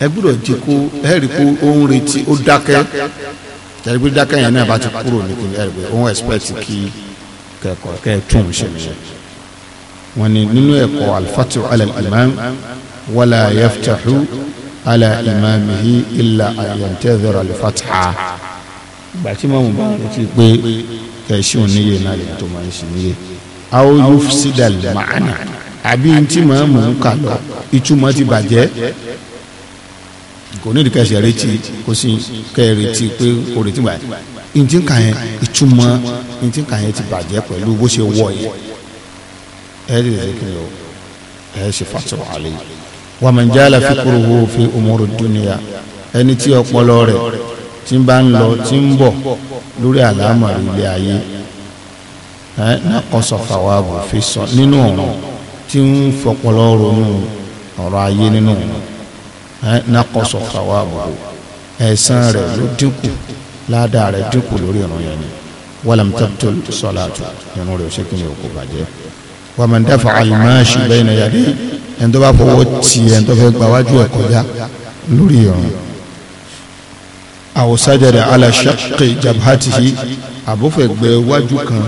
ẹ gbúdọ̀ jẹ́ kó ẹ kó ó retí ó dákẹ́ tẹ̀lé dákẹ́ yẹn náà bá ti kúrò ní kí pé ó ń kí kẹ́kọ̀ọ́ kẹ́ tún ṣe nìyẹn. wọ́n ní nínú ẹ̀kọ́ alifatu ala imam wala yaftahu ala imamihi illa ayantẹ́zọ̀rọ̀ alifataha gbàtí mọ́mú bá ń retí pé kẹ́ ẹ ṣe náà lè tó máa ń ṣe níyè aw yufsidal ma'ana àbí ntí màá mú un kà lọ ìtumọ̀ ti bàjẹ́ kò ní ìdíkà ṣe retí kò sí kẹ́ ẹ retí pé o retí bàjẹ́ ntí kà yẹn ìtumọ̀ ntí kà yẹn ti bàjẹ́ pẹ̀lú bó ṣe wọ̀ yẹn ẹ lè ṣe kí ni ẹ ṣe fàtọ̀ àlẹ́ yìí. wàmẹ̀jálà fi kúrò wo fi òmùrù dúnìyà ẹni tí ọpọlọ rẹ̀ ti bá ń lọ ti ń bọ̀ lórí àlámọ̀ ilé ayé nàkọsọ fàwáàbù fi sọ nínú ọ̀run tí ń fọpọlọ ronú ọ̀rọ̀ ayé nínú ọ̀run nàkọsọ fàwáàbù ẹ̀san rẹ̀ ló dínkù ládàá rẹ̀ dínkù lórí ọ̀run yẹn ni wàlámtàtò sọláàtù nínú rẹ̀ ṣé kí ni òkú bàjẹ́ wàmán dafa alimáṣi bẹ́ẹ̀ náà yàrá ẹni tó bá fọwọ́ ti ẹni tó fẹ́ gba wájú ẹ̀ kọjá lórí ọ̀run àwòsájà rẹ̀ aláṣẹ́kẹ̀ jabhatihi àbófẹ̀gbẹ́ iwájú kan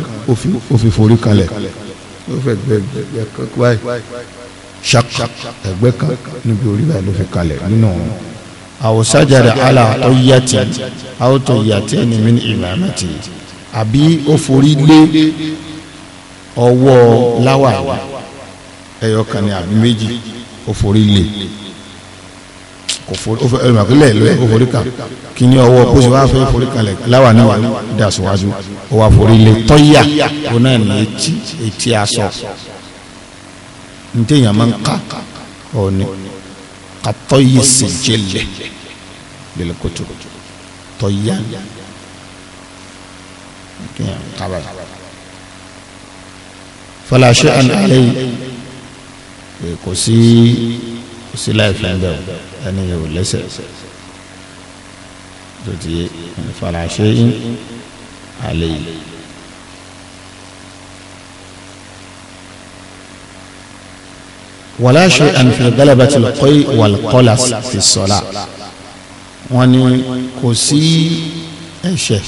ó fi forí kalẹ̀ àbófẹ̀gbẹ́ ẹgbẹ́ kan báyìí ṣak ẹgbẹ́ kan níbi orí báyìí ló fi kalẹ̀ nínú àwòsájára àlà ọ̀yàtì àwòtọ̀yàtì ẹni mi ní ìlànà tì àbí ó forí lé ọwọ́ láwà ẹ̀yọkàn ni àbí méjì ó forí lé kò forí ó fẹ́ ẹlòmíràn kò lẹ̀ lọ́ẹ̀ kò forí kan kí ni ọwọ́ kó sì wá fẹ́ forí kalẹ̀ láwa náà wà dà síwájú ó wà forí lé tọ́yà ó náà ní etí etí aṣọ ní téèyàn máa ń ká ọ̀ọ́ni ka tọ́yì sì jẹlẹ̀ lẹ́lẹ̀ kótó tọ́yà kéèyàn kábà fala shay'an alayhi kò sí kò sí láì fẹ́ bẹ́ẹ̀ o ẹni yóò lẹ́sẹ̀ tó ti faraṣẹ́ yín àlẹ́ yìí. wàlá ṣe ànfẹ́ galabatil qay wal qalas fi sọ́la wọ́n ní kò sí ẹ̀ṣẹ̀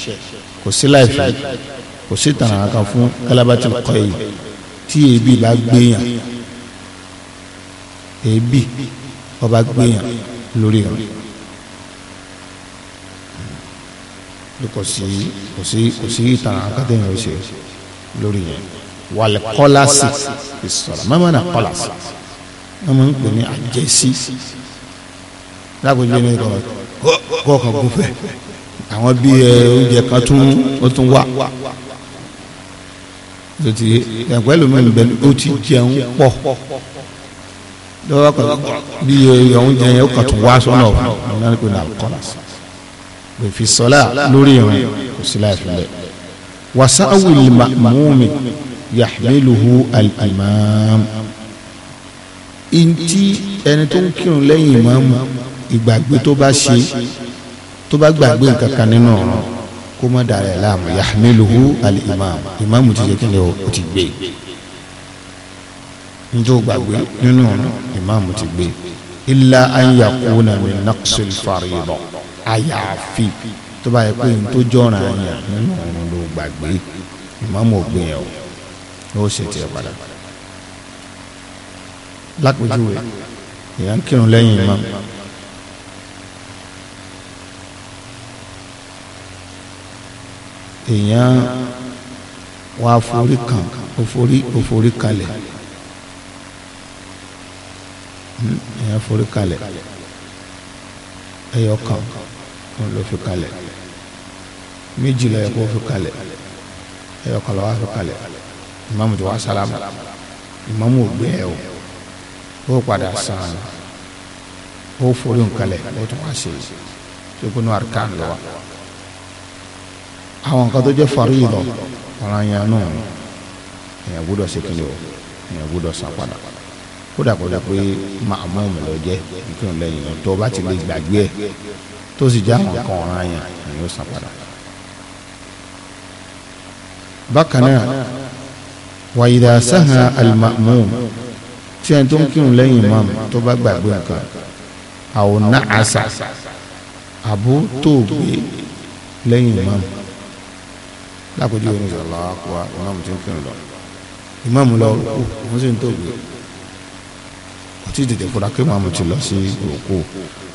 kò sí láìfẹ́ kò sí tànà kan fún galabatil qay tí ebi bá gbéyàn ebi ọba gbìyàn lórí rẹ kò sí kò sí kò sí ìtàn akadẹ́yìn ọ̀sẹ̀ lórí yẹn wàlẹ̀ kọ́lásì ìsọ̀rọ̀ mẹ́mọ́ náà kọ́lásì wọ́n máa ń pè ní àjẹsí lágbèjì ní ìkọ̀rọ̀ kọ́ọ̀kan gúnfẹ̀ àwọn bí ẹ eh, oúnjẹ kan tún ó tún wà tó ti ẹ̀pẹ́ lómi ìbẹ̀lú ó ti jẹun pọ̀ lọ́wọ́ kan bí ọ̀hún jẹ yẹn ó kàn tún wá sọ́nà ọ̀hún náà ni pé nà kọ́lá sí pé fi sọ́lá lórí ìrìn kò sí láì fi lẹ̀ wàsá awìlì màmúmi yàhmíluhu al-imam ntí ẹni tó ń kírun lẹ́yìn ìmáàmù ìgbàgbé tó bá ṣe tó bá gbàgbé nǹkan kan nínú ọ̀ràn kó má dàrẹ̀ láàmú yàhmíluhu al-imam ti jẹ́ kí ni o ti gbé e njó gbàgbé nínú ìmáàmù ti gbé ilà anyakuna mi naqsil fariida àyàfi tó bá yẹ pé n tó jọra yẹn nínú ọ̀run ló gbàgbé ìmáàmù ògbìn yẹn o ó ṣe tiẹ̀ padà lápèjúwe ìyá ń kírun lẹ́yìn ìmáàmù. èèyàn wá forí kan òforí òforí kalẹ̀ èèyàn forí kalẹ̀ ẹyọ kan òun ló fi kalẹ̀ méjì ló yẹ kó fi kalẹ̀ ẹyọ kan ló wá fi kalẹ̀ ìmáàmù tó wá sálámù ìmáàmù ò gbé o ó padà sàn ó forí nkalẹ̀ ó tún wá ṣe tó kún arkan lọ wa àwọn nǹkan tó jẹ́ farídà ọ̀ràn yẹn náà èèyàn gbúdọ̀ ṣe kí ni o èèyàn gbúdọ̀ san padà padà kódà kódà pé màmú mi lọ jẹ nǹkan lẹ́yìn lọ tó o bá ti lè gbàgbé ẹ tó sì já àwọn kan ọ̀ràn yẹn ni yóò san padà. bákan náà wàyídà sáhàn alimamu tí ẹni tó ń kírun lẹ́yìn imam tó bá gbàgbé nǹkan àwọn náà àṣà àbó tó gbé lẹ́yìn imam lákòójú oníṣẹ́ aláwọ̀ akọ́ imam tí ń kírun lọ imam lọ òun sì ń tó gbé kò tí ì tètè kóra kí màmú ti lọ sí òkú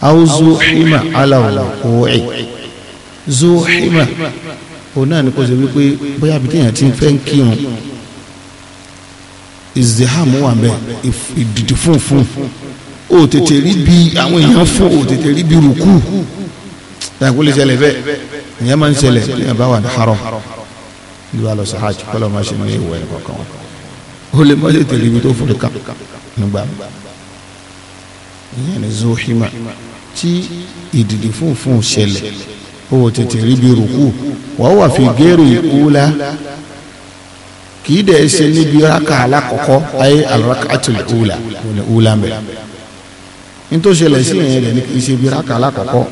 awuzu ima aláwọ kó ẹ zu ima òun náà ni kò ṣe wípé bóyá àbí téèyàn ti fẹ́ ń kírun ìzìhámù wà mẹ ìdìdì fúnfún o tètè rí bi, àwọn èèyàn fún o tètè rí bí rúkú ẹ̀kú lè ṣẹlẹ̀ bẹ́ẹ̀ ìyẹn máa ń ṣẹlẹ̀ ìyẹn bá wà ní haram ní wàá lọ sí hajj kọ́lọ́ máa ṣe ní ìwẹ̀ nìkan kan o lè má ṣe tẹ̀lé ibi tó forí kan nígbà mi ìyẹn ní zohima tí ìdìdì funfun ṣẹlẹ̀ ó wò tètè rí bí rúkú wà wà fi géèrè ìkúlá kì í dẹ̀ ṣe níbi raka alákọ̀ọ́kọ́ ayé alrakatul ula ula mbẹ nítorí ṣẹlẹ̀ sí ìyẹn rẹ̀ ní kì í ṣe bí raka alákọ̀ọ́kọ́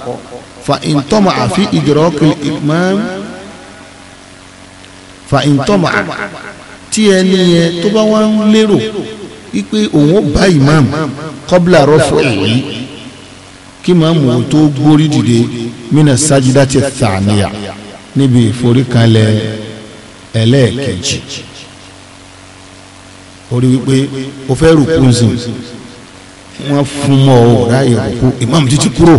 fa ìntọ́mọ̀ àfi ìdìrọ́kì imam fa ìntọ́mọ̀ tí ẹni yẹn tó bá wá ń lérò wípé òun ó bá imam kọ́bílà rọ́fọ́ ẹ̀wí kí màmú tó gbórí dìde mina sajida ti thaniya níbi ìforíkanlẹ̀ ẹlẹ́ẹ̀kejì orí wípé o fẹ́ rúkú nsìn wọ́n fún mọ́ ọ ráyè rúkú imam ti ti kúrò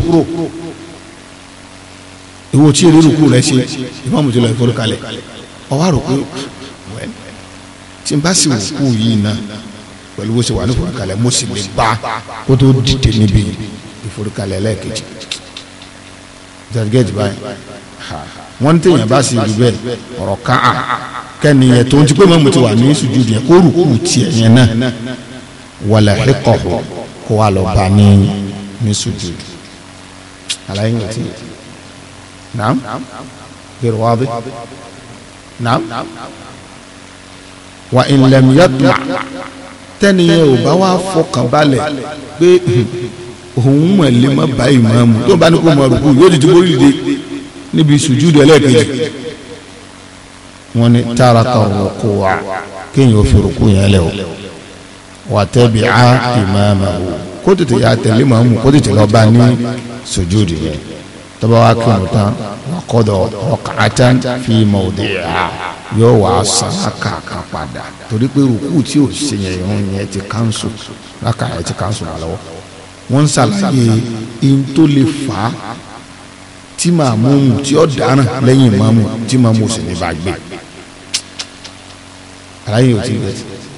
ìwọ tí èrè rúkú rẹ ṣe imam ti lọ ìforíkanlẹ̀ ọwọ́ àròkú tí n bá sì rúkú yìí náà pẹ̀lú bó ṣe wà ní ìforúkalẹ̀ mo sì lè bá kó tó dìde níbi ìforúkalẹ̀ lẹ́ẹ̀kejì jẹ́gẹ́jì báyìí wọ́n tẹ̀yìn bá sì rí bẹ́ẹ̀ ọ̀rọ̀ kan à kẹ́ni yẹn tó ń ti pé mọ́mú ti wà ní sùjúdù yẹn kó rùkú tiẹ̀ yẹn náà wọlé ẹ̀kọ́ kó wà lọ́ọ́ bá ní ní sùjúdù aláyé o ti naam gẹ̀rọ wá bí naam wa in lam yatma tẹ́niyẹn ò bá wá fọkàn balẹ̀ pé òun mọ̀ lè mọ̀ bá ìmáàmù tó bá ní kó mọ̀ rúkú yóò dìde bórí de níbi sùjúdù ẹlẹ́ẹ̀kejì wọn ni tààràtà rọ̀kù wa kéèyàn ò fi rúkú yẹn lẹ̀ o wà tẹ́bi á ìmáàmù kó tètè yà tẹ̀lé màmú kó tètè lọ́ọ́ bá ní sùjúdù yẹn tọ́ba wa kí wọn tán kọ́dọ̀ ọ̀kàtàn fi mawdi'a yóò wá san kàkà padà torí pé rúkú tí ò ṣe yẹn ìrun yẹn ti kánṣu láka yẹn ti kánṣu wà lọ́wọ́ wọ́n ń ṣàlàyé in tó lè fà á tí màmúmù tí ó dáràn lẹ́yìn màmú tí màmú sì ní bá gbé aláyé ò ti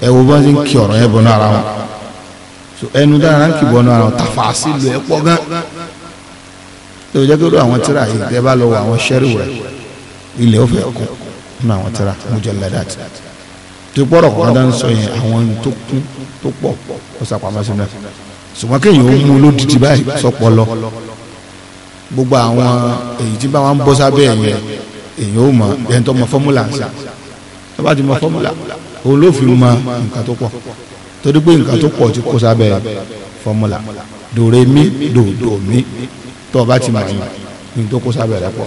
ẹ wo bá ń kí ọ̀rọ̀ yẹn bọ́nú ara wọn ẹnu dára ń kí bọ́nú ara wọn tàfà sílùú ẹ pọ̀ gan lórí jẹ́ kúrò àwọn tíra yìí tẹ́ bá lọ wọ àwọn sẹ́rù rẹ̀ ilẹ̀ ó fẹ́ kún nínú àwọn tíra mujalladat tó pọ̀rọ̀ kọ́ńdà ń sọ yẹn àwọn tó kún tó pọ̀ ó sàpamọ́ sí náà ṣùgbọ́n kéèyàn ó mú lódìdí báyìí sọpọ̀ lọ gbogbo àwọn èyí tí bá wọn bọ́ sábẹ́ yẹn èyí ó mọ ẹni tó mọ fọ́múlà ń sà tó bá ti mọ fọ́múlà òun mọ nǹkan tó pọ̀ torí pé nǹkan tó pọ̀ ti kó sábẹ́ fọ́múlà dòrèmí dòdòmí tó o bá ti màtí ní tó kó sábẹ̀ rẹ pọ̀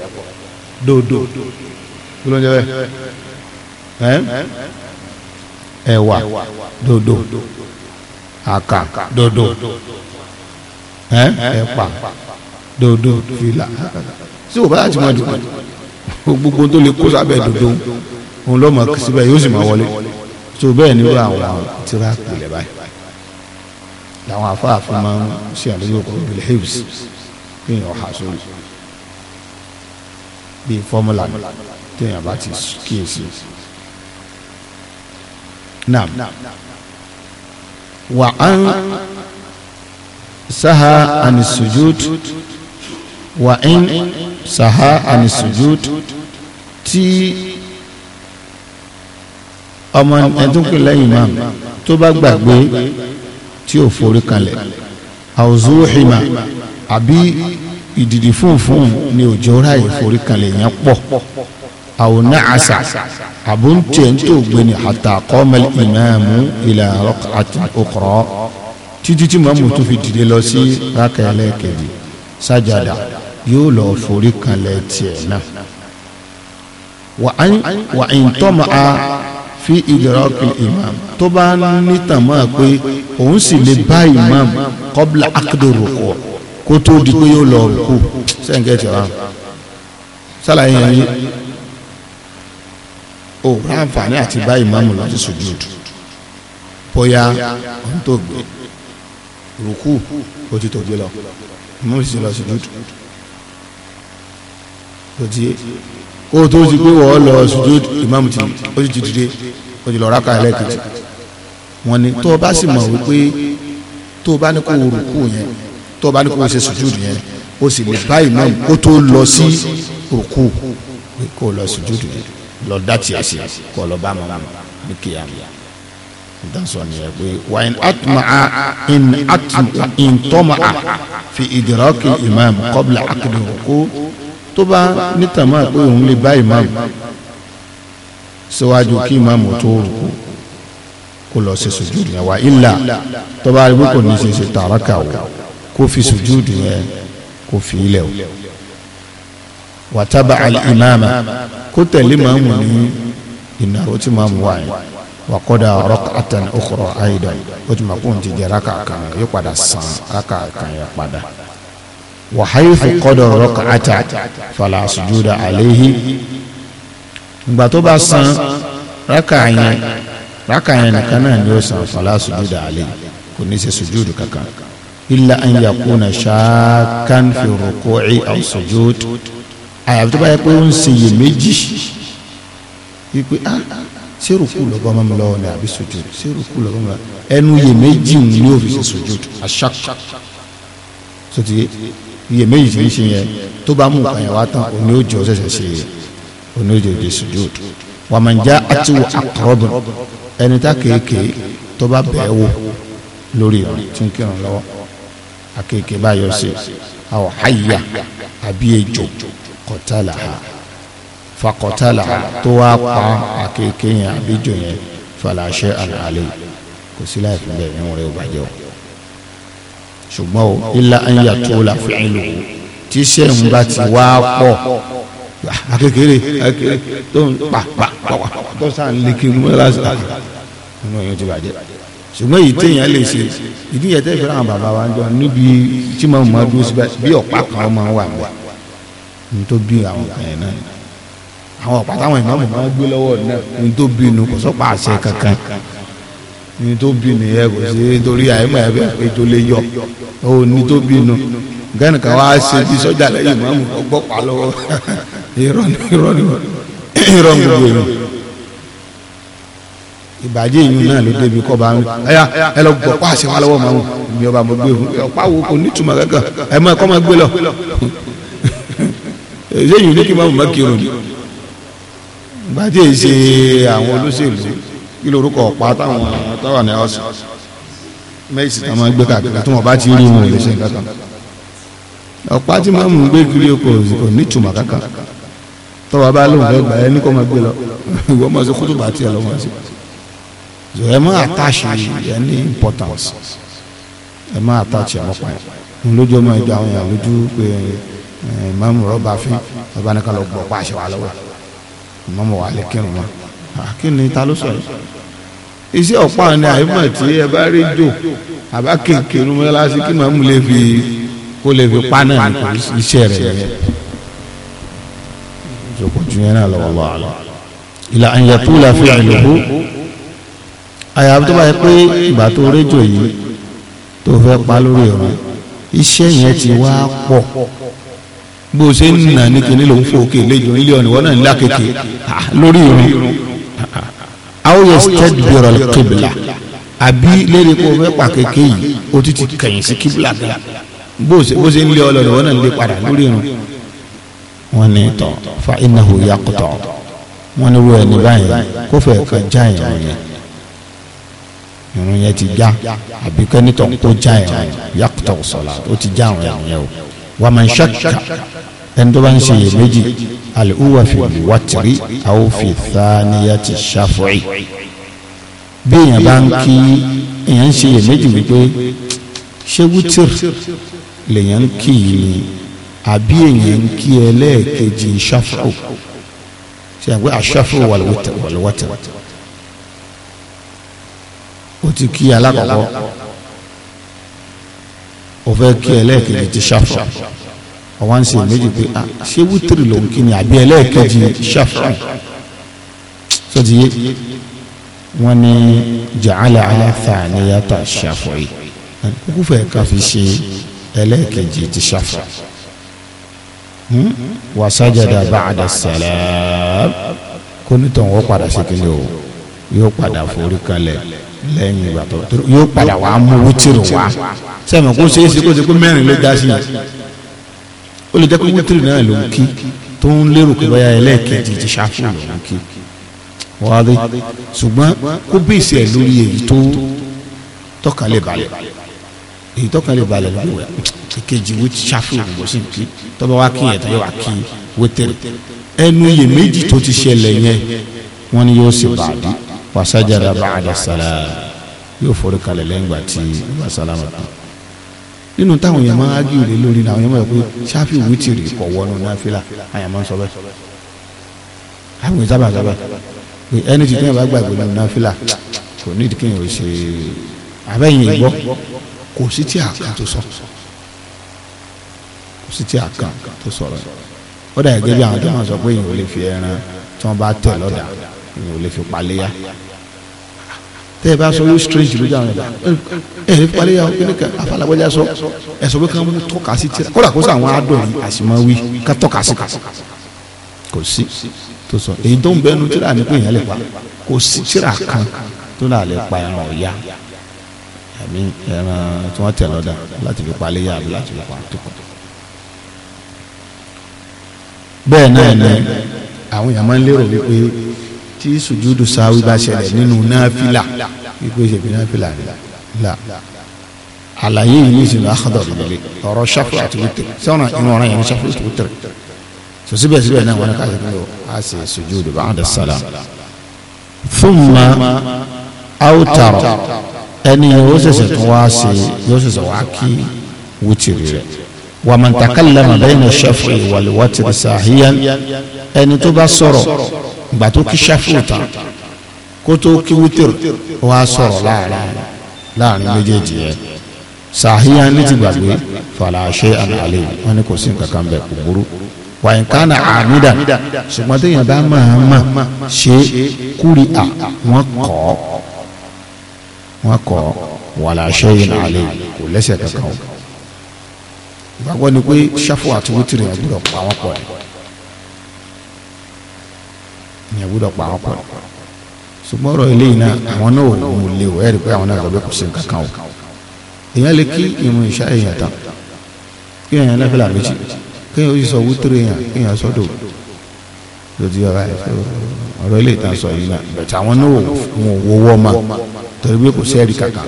dòdò kí ló ń jẹ bẹ́ẹ̀ ẹ̀wà dòdò àkà dòdò ẹ̀pà dòdò fìlà tí o bá ti mọ̀ dùn gbogbo tó lè kó sábẹ̀ dòdò òun lọ́mọ síbẹ̀ yóò sì máa wọlé tó bẹ́ẹ̀ nílò àwọn tíra pilẹ̀ báyìí làwọn afáàfin máa ń ṣe àlejò kọ́ ìbílẹ̀ hibs kéèyàn ha sórí bíi fọ́múlà ni téèyàn bá ti saha ani sujud saha ani sujud tí ọmọ ẹdúnkù imam tó bá gbàgbé tí ò forí kalẹ̀ àwùzúhìmà àbí ìdìdì fúnfún ni òjò ráyè forí kalẹ̀ yẹn pọ̀ àwọn náà àṣà àbúntẹ̀ ń tó gbé ni àtàkọ́mẹ́l ìmáàmù ilẹ̀ àti okòrò títí tí màmú tó fi dìde lọ sí rákẹ́lẹ́ kejì sájàdà yóò lọ forí kalẹ̀ tiẹ̀ náà wà á ń tọ́ ma a fi ìdọ̀rọ̀kì imam tó bá ní tàmá pé òun sì lè bá imam kọ́bla akadoro kọ́ kó tó di pé yóò lọ kú sẹ́ǹkẹ́ tìrà sálàyé yẹn ni o ráǹfààní àti bá ìmáàmù láti sùjúdù bóyá ọ̀hún tó gbé rùkú ó ti tó gbé lọ ìmáàmù sì lọ sùjúdù ó ti kó tó di pé wọ́n lọ sùjúdù ìmáàmù ti ó ti dìde ó ti lọ rákà ẹlẹ́kejì wọ́n ní tó o bá sì mọ̀ wípé tó o bá ní kó o rùkú yẹn tó bá ní kó o ṣe sùjúdù yẹn o sì lè bá imam kó tó lọ sí òkú kó o lọ sùjúdù yẹn lọ dá tiẹ̀ sí kó o lọ bá màmá ní kíyàmù dansọn ni yẹ koyi wa in atuma in atuma in tọma fi idiraki imam kọbila akidi ko tó bá tama ko òun lè bá imam síwájú kí imam o tó ruku kó lọ ṣe sùjúdù wa illa tó bá arúgbó kò ní ṣe ṣe o kó fi sùjúdù yẹn kó fi ilẹ̀ o wàtábà alìmáàmà kó tẹ̀lé màmù ní ìnáwó tí màmù wà yẹn wàkọ́dà rak'atan ukhra aidan ó ti máa kó ń ti jẹ́ rákà kan yóò padà san rákà kan yẹn padà wa haythu qada rak'ata fala sujuda alayhi ìgbà tó san rákà yẹn rákà yẹn nìkan náà ni ó san fala sujuda alayhi kò ní í ṣe kankan illa an yakuna shakkan fi ruku'i aw sujud àyàfi tó bá yẹ pé ó ń ṣe iye méjì wípé ah ṣé rúkú lọ́gbọ́n mọ́ mi lọ́wọ́ ni àbí sujud ṣé rúkú lọ́gbọ́n mọ́ ẹnu iye méjì ni yóò fi ṣe sujud ashak sotí iye méjì fi ń ṣe yẹn tó bá mú nǹkan yẹn wá tán òní ó jọ ṣẹ̀ṣẹ̀ ṣe yẹn òní ó jọ ṣe sujud wàmọ̀njá àti àkọ́rọ́bùn ẹni tá kéèké tó bá bẹ̀ẹ́ wò lórí ìrìn tí ń kírun lọ́wọ́ akéèké báyọ̀ sí àwọn hayya àbí ejò kọtàlà ha fakọtàlà tó wá pa akéèké yẹn àbí jò yẹn fàlàṣẹ àlàálẹ kò sí láì fi bẹ́ẹ̀ níwọ̀n rẹ̀ ò bàjẹ́ o ṣùgbọ́n o ilà ń yàtọ̀ la fi ń lò ó tí sẹ́yìn bá ti wá pọ̀ akékeré akékeré tó ń pa pa pa tó ń sàn lékiri mọ́lá sí àgbà nínú ìyẹn ti bàjẹ́ ṣùgbọ́n èyí téèyàn lè ṣe ìdí yẹn tẹ́lifíra àwọn bàbá wa ń jọ níbi tí mo mọ dúró síbẹ̀ bí ọ̀pá kan ọmọ wà wà ní tó bí àwọn kan yẹn náà àwọn ọ̀pá táwọn ìmọ̀ mọ̀ máa gbé lọ́wọ́ náà ní tó bí inú kò sọ́pà àṣẹ kankan ní tó bí inú yẹ kò sí nítorí àyẹ̀mọ̀ ẹ̀ bẹ́ẹ̀ pé tó lè yọ ó ní tó bí inú gánà kan wá ṣe bí sọ́jà lẹ́yìn mọ́ ọgbọ́pàá lọ́wọ́ irọ́ ni irọ́ ni ìbàjẹ́ ìyún náà ló débi kọ́ bá ń ẹ̀yà ẹ lọ gbọ́ pa àṣẹ wa lọ́wọ́ màá mi ọba mo gbé fún ọ̀pá wo kò ní ìtumọ̀ kankan ẹ mọ ẹ kọ́ máa gbé lọ ṣé ìyún ní kí n máa mọ̀ kírun ìbàjẹ́ ìṣe àwọn olóṣèlú kí lorúkọ ọ̀pá táwọn táwọn ní ọ̀sán mẹ́sì táwọn máa gbé káàkiri tí wọ́n bá ti rí wọn lè ṣe kankan ọ̀pá tí máa mú gbé kiri kò ní ìtumọ̀ kankan tọ́wọ́ bá lóun fẹ́ gbà ẹ ní kọ́ máa gbé lọ ìwọ máa ṣe kútùbà so ẹ má attach any importance ẹ má attach ẹ mọ́ pa ẹ n lójú ọmọ ìjọ àwọn èèyàn lójú pé ìmáàmù rọ́bà fín ọba ní ká lọ gbọ́ pa àṣẹ wa lọ́wọ́ ìmáàmù wa lè kírun mọ́ kí ni ta ló sọ yìí iṣẹ́ ọ̀pá ni àyùmọ̀ tí ẹ bá rí jò àbá kékeré mọ́lásí kí màmú lè fi kó lè fi pa náà iṣẹ́ rẹ̀ yẹn ìjọkọ̀ ju yẹn náà lọ́wọ́ lọ́wọ́ ilà àyàtúlà fi àyùkú àyàfi tó bá yẹ pé ìgbà tó rédíò yìí tó fẹ́ pa lórí ọ̀rọ̀ iṣẹ́ yẹn ti wá pọ̀ bó o ṣe ń nà ní kinní ló ń fò òkè lẹ́jọ́ ilé ọ̀nà ìwọ náà ń lákèké ah, lórí ìrìn how you stead bẹ̀rọ̀ kébìlà àbí lérí kó o fẹ́ pàkékè yìí o ti ti kẹ̀yìn sí kíbìlà gan bó o ṣe ń lé ọlọ́dọ̀ ìwọ náà ń lé padà lórí ìrìn wọn ní tọ fa ináhùn yàkùtọ̀ wọn ní wọ ẹni báyìí kó fẹ́ já ìrìn yẹn irun yẹn ti já àbí kẹ́nitọ̀ kó já irun yàtọ̀ sọ̀la ó ti já irun yẹn yẹn o wà máa ń ṣàkà ẹni tó bá ń ṣe iye méjì àlè uwa fi wàtìrí àwọn fi thaniya ti ṣàfùrì bí èèyàn bá ń kí èèyàn ń ṣe iye méjì wípé ṣé wútìr lèèyàn ń kí yìí àbí èèyàn ń kí ẹlẹ́ẹ̀kejì ṣàfùrù ṣe àgbẹ̀ àṣàfùrù wàlúwàtìrì ó ti kí alákọ̀ọ́kọ́ ó fẹ́ kí ẹlẹ́ẹ̀kejì ti ṣàfọ̀ ọ̀wọ́n ṣe méjì pé ah ṣé wítìrì lòun kí ni àbí ẹlẹ́ẹ̀kejì ṣàfọ̀ sọ́tí yé wọ́n ní jàálẹ̀ aláta àníyàtà ṣàfọ̀ yìí kúkú fẹ́ ká fi ṣe ẹlẹ́ẹ̀kejì ti ṣàfọ̀ hmm? wàsájàdà bàdà sàlẹ̀ kó nítorí wọ́n padà ṣe kí ni o yóò padà forí kalẹ̀ lẹ́yìn ìgbà tó yóò padà wà á mú wítìrì wá sẹ́mi kó ṣe é ṣe kó ṣe pé mẹ́rin ló dá sí i ó lè jẹ́ pé wítìrì náà ló ń kí tó ń lérò pé báyà ẹlẹ́ẹ̀kejì ti ṣáfù ló ń kí wàhálà ṣùgbọ́n kó bèsì ẹ̀ lórí èyí tó tọ́kalẹ̀ balẹ̀ èyí tọ́kalẹ̀ balẹ̀ lọ́wọ́ ìkejì wí ṣáfù gbogbo sí kí tọ́ba wá kí yẹn tó wá kí wítìrì ẹnu iyèméjì tó ti ṣẹlẹ̀ yẹn wọ́n ní yóò ṣe bàdí fasajada ba'da salam yóò forí kalẹ̀ lẹ́yìn ìgbà tí ìgbà sálámà tán nínú táwọn yẹn máa ń ágì òde lórí náà àwọn yẹn máa yọ pé ṣáfì wítìrì kọ wọnú náfìlà àyàn máa ń sọ bẹ́ẹ̀ àwọn yẹn sábà sábà pé ẹni tí kéèyàn bá gbàgbé nínú náfìlà kò ní kéèyàn ò ṣe abẹ́yìn ìgbọ́ kò sí tí àkàn tó sọ kò sí tí àkàn tó sọ̀rọ̀ ó dà gẹ́gẹ́ àwọn tó máa sọ pé èèyàn ò lè fi ẹran tí wọ́n bá tẹ̀ lọ́dà èyàn ò lè fi paléyà tẹ́ ẹ bá sọ yóò strange lójú àwọn ẹ̀dá ẹ ẹ paléyà ó kéde kan afọlábọ́jà sọ ẹ sọ pé kí wọ́n tọ́ka sí tírà kódà kó sọ àwọn adọ̀ yìí àsìmọ́wí ká tọ́ka sí kò sí tó sọ èyí tó ń bẹ́ẹ̀ nu tírà ní pé èyàn lè pa kò sí tírà kan tó là lè pa ẹran ọ̀ya àmì ẹran tí wọ́n tẹ̀ lọ́dà láti fi paléyà àbí láti fi pa tó bẹ́ẹ̀ náà ni àwọn èèyàn máa ń lérò wípé tí sùjúdù sáwí bá ṣẹlẹ̀ nínú náfìlà wípé ṣèbí náfìlà ni la àlàyé yìí ní ìṣẹ̀lẹ̀ àkàdọ̀ lórí ọ̀rọ̀ ṣàfù àti wítìrì sọ́nà ìwọ̀n ọ̀rọ̀ yẹn ṣàfù àti wítìrì so síbẹ̀síbẹ̀ náà wọn káṣí pé a ṣe sùjúdù ba'da salam thumma awtara ẹni yóò ṣẹ̀ṣẹ̀ tún wá ṣe yóò ṣẹ̀ṣẹ̀ wá kí wítìrì rẹ̀ ومن تكلم بين الشفع والوتر ساهيا ẹni tó bá gbà tó kí ṣáfù tán kó tó kí wítìrì wàá sọ̀rọ̀ láàrin láàrin méjèèjì yẹn sàhíyá ní ti gbàgbé fàlàṣẹ àlàlẹ wọn ni kò sí nǹkan kan bẹ kò burú wàyí kánà àmìdá ṣùgbọ́n téèyàn bá máa ma ṣe kúri à wọ́n kọ́ wọ́n kọ́ wàlàṣẹ yìí nàlẹ́ kò lẹ́sẹ̀ kankan o ìgbàgbọ́ ni pé ṣáfù àti wítìrì ọ̀gbọ́dọ̀ pa wọ́n pọ̀ ni ìyẹn gbọ́dọ̀ pa àwọn pọ̀ ṣùgbọ́n ọ̀rọ̀ eléyìí náà àwọn náà ò lè o ẹ̀rí pé àwọn náà lọ́gbẹ́ kò sí nǹkan kan o èèyàn lè kí ìmú ìṣá èèyàn tán kí èèyàn lẹ́fẹ̀lá méjì kí èèyàn ó sì sọ wútúrú èèyàn kí èèyàn sọ́dọ̀ lójú ọ̀rá ẹ̀ ọ̀rọ̀ eléyìí tá a sọ yìí náà bẹ̀tẹ̀ àwọn náà wọn ò wọ́wọ́ ma torí pé kò sí ẹ̀rí kankan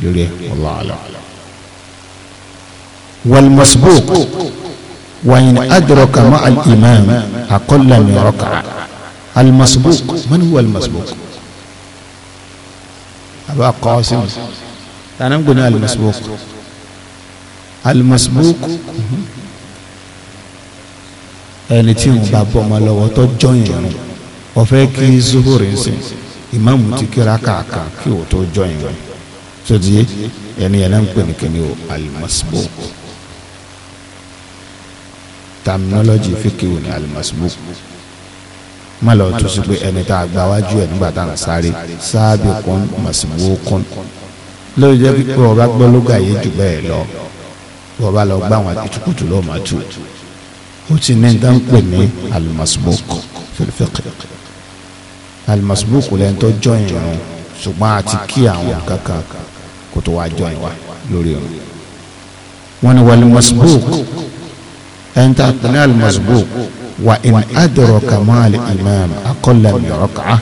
lórí ẹ̀ wallahu alam wal وإن أدرك مع الإمام أقل من ركعة المسبوق من هو المسبوق أبا قاسم أنا نقول المسبوق المسبوق ẹni tí ń bá bọ́ ọmọ lọ́wọ́ tó jọyìn rún ọ̀fẹ́ kí zuhuri sìn ìmáàmù ti kíra kàkà kí o tó jọyìn rún sódìé ẹni yẹn náà ń pè ní kíni o alimasibo terminology fíkìwò ní alimọ̀sibú má lọ tún sí pé ẹni tá a gba wájú ẹ̀ nígbà tá à ń sáré sáábì kún mọ̀sibú kún lórí jẹ́ pípé ọba gbọ́lógà yé jù bẹ́ẹ̀ lọ ọba lọ gbá àwọn akitukutu ló máa tù ó ti ní nǹkan ní alimọ̀sibú fìlfìkì alimọ̀sibú kò lẹ́ńtọ́ jọyìn rún ṣùgbọ́n a ti kí àwọn kankan kó tó wá jọyìn wa lórí ọ̀run wọn ni wàlúmọ̀sibú ẹni tá a pè ní al-masbuq wa in adraka ma'al imam aqalla min rak'ah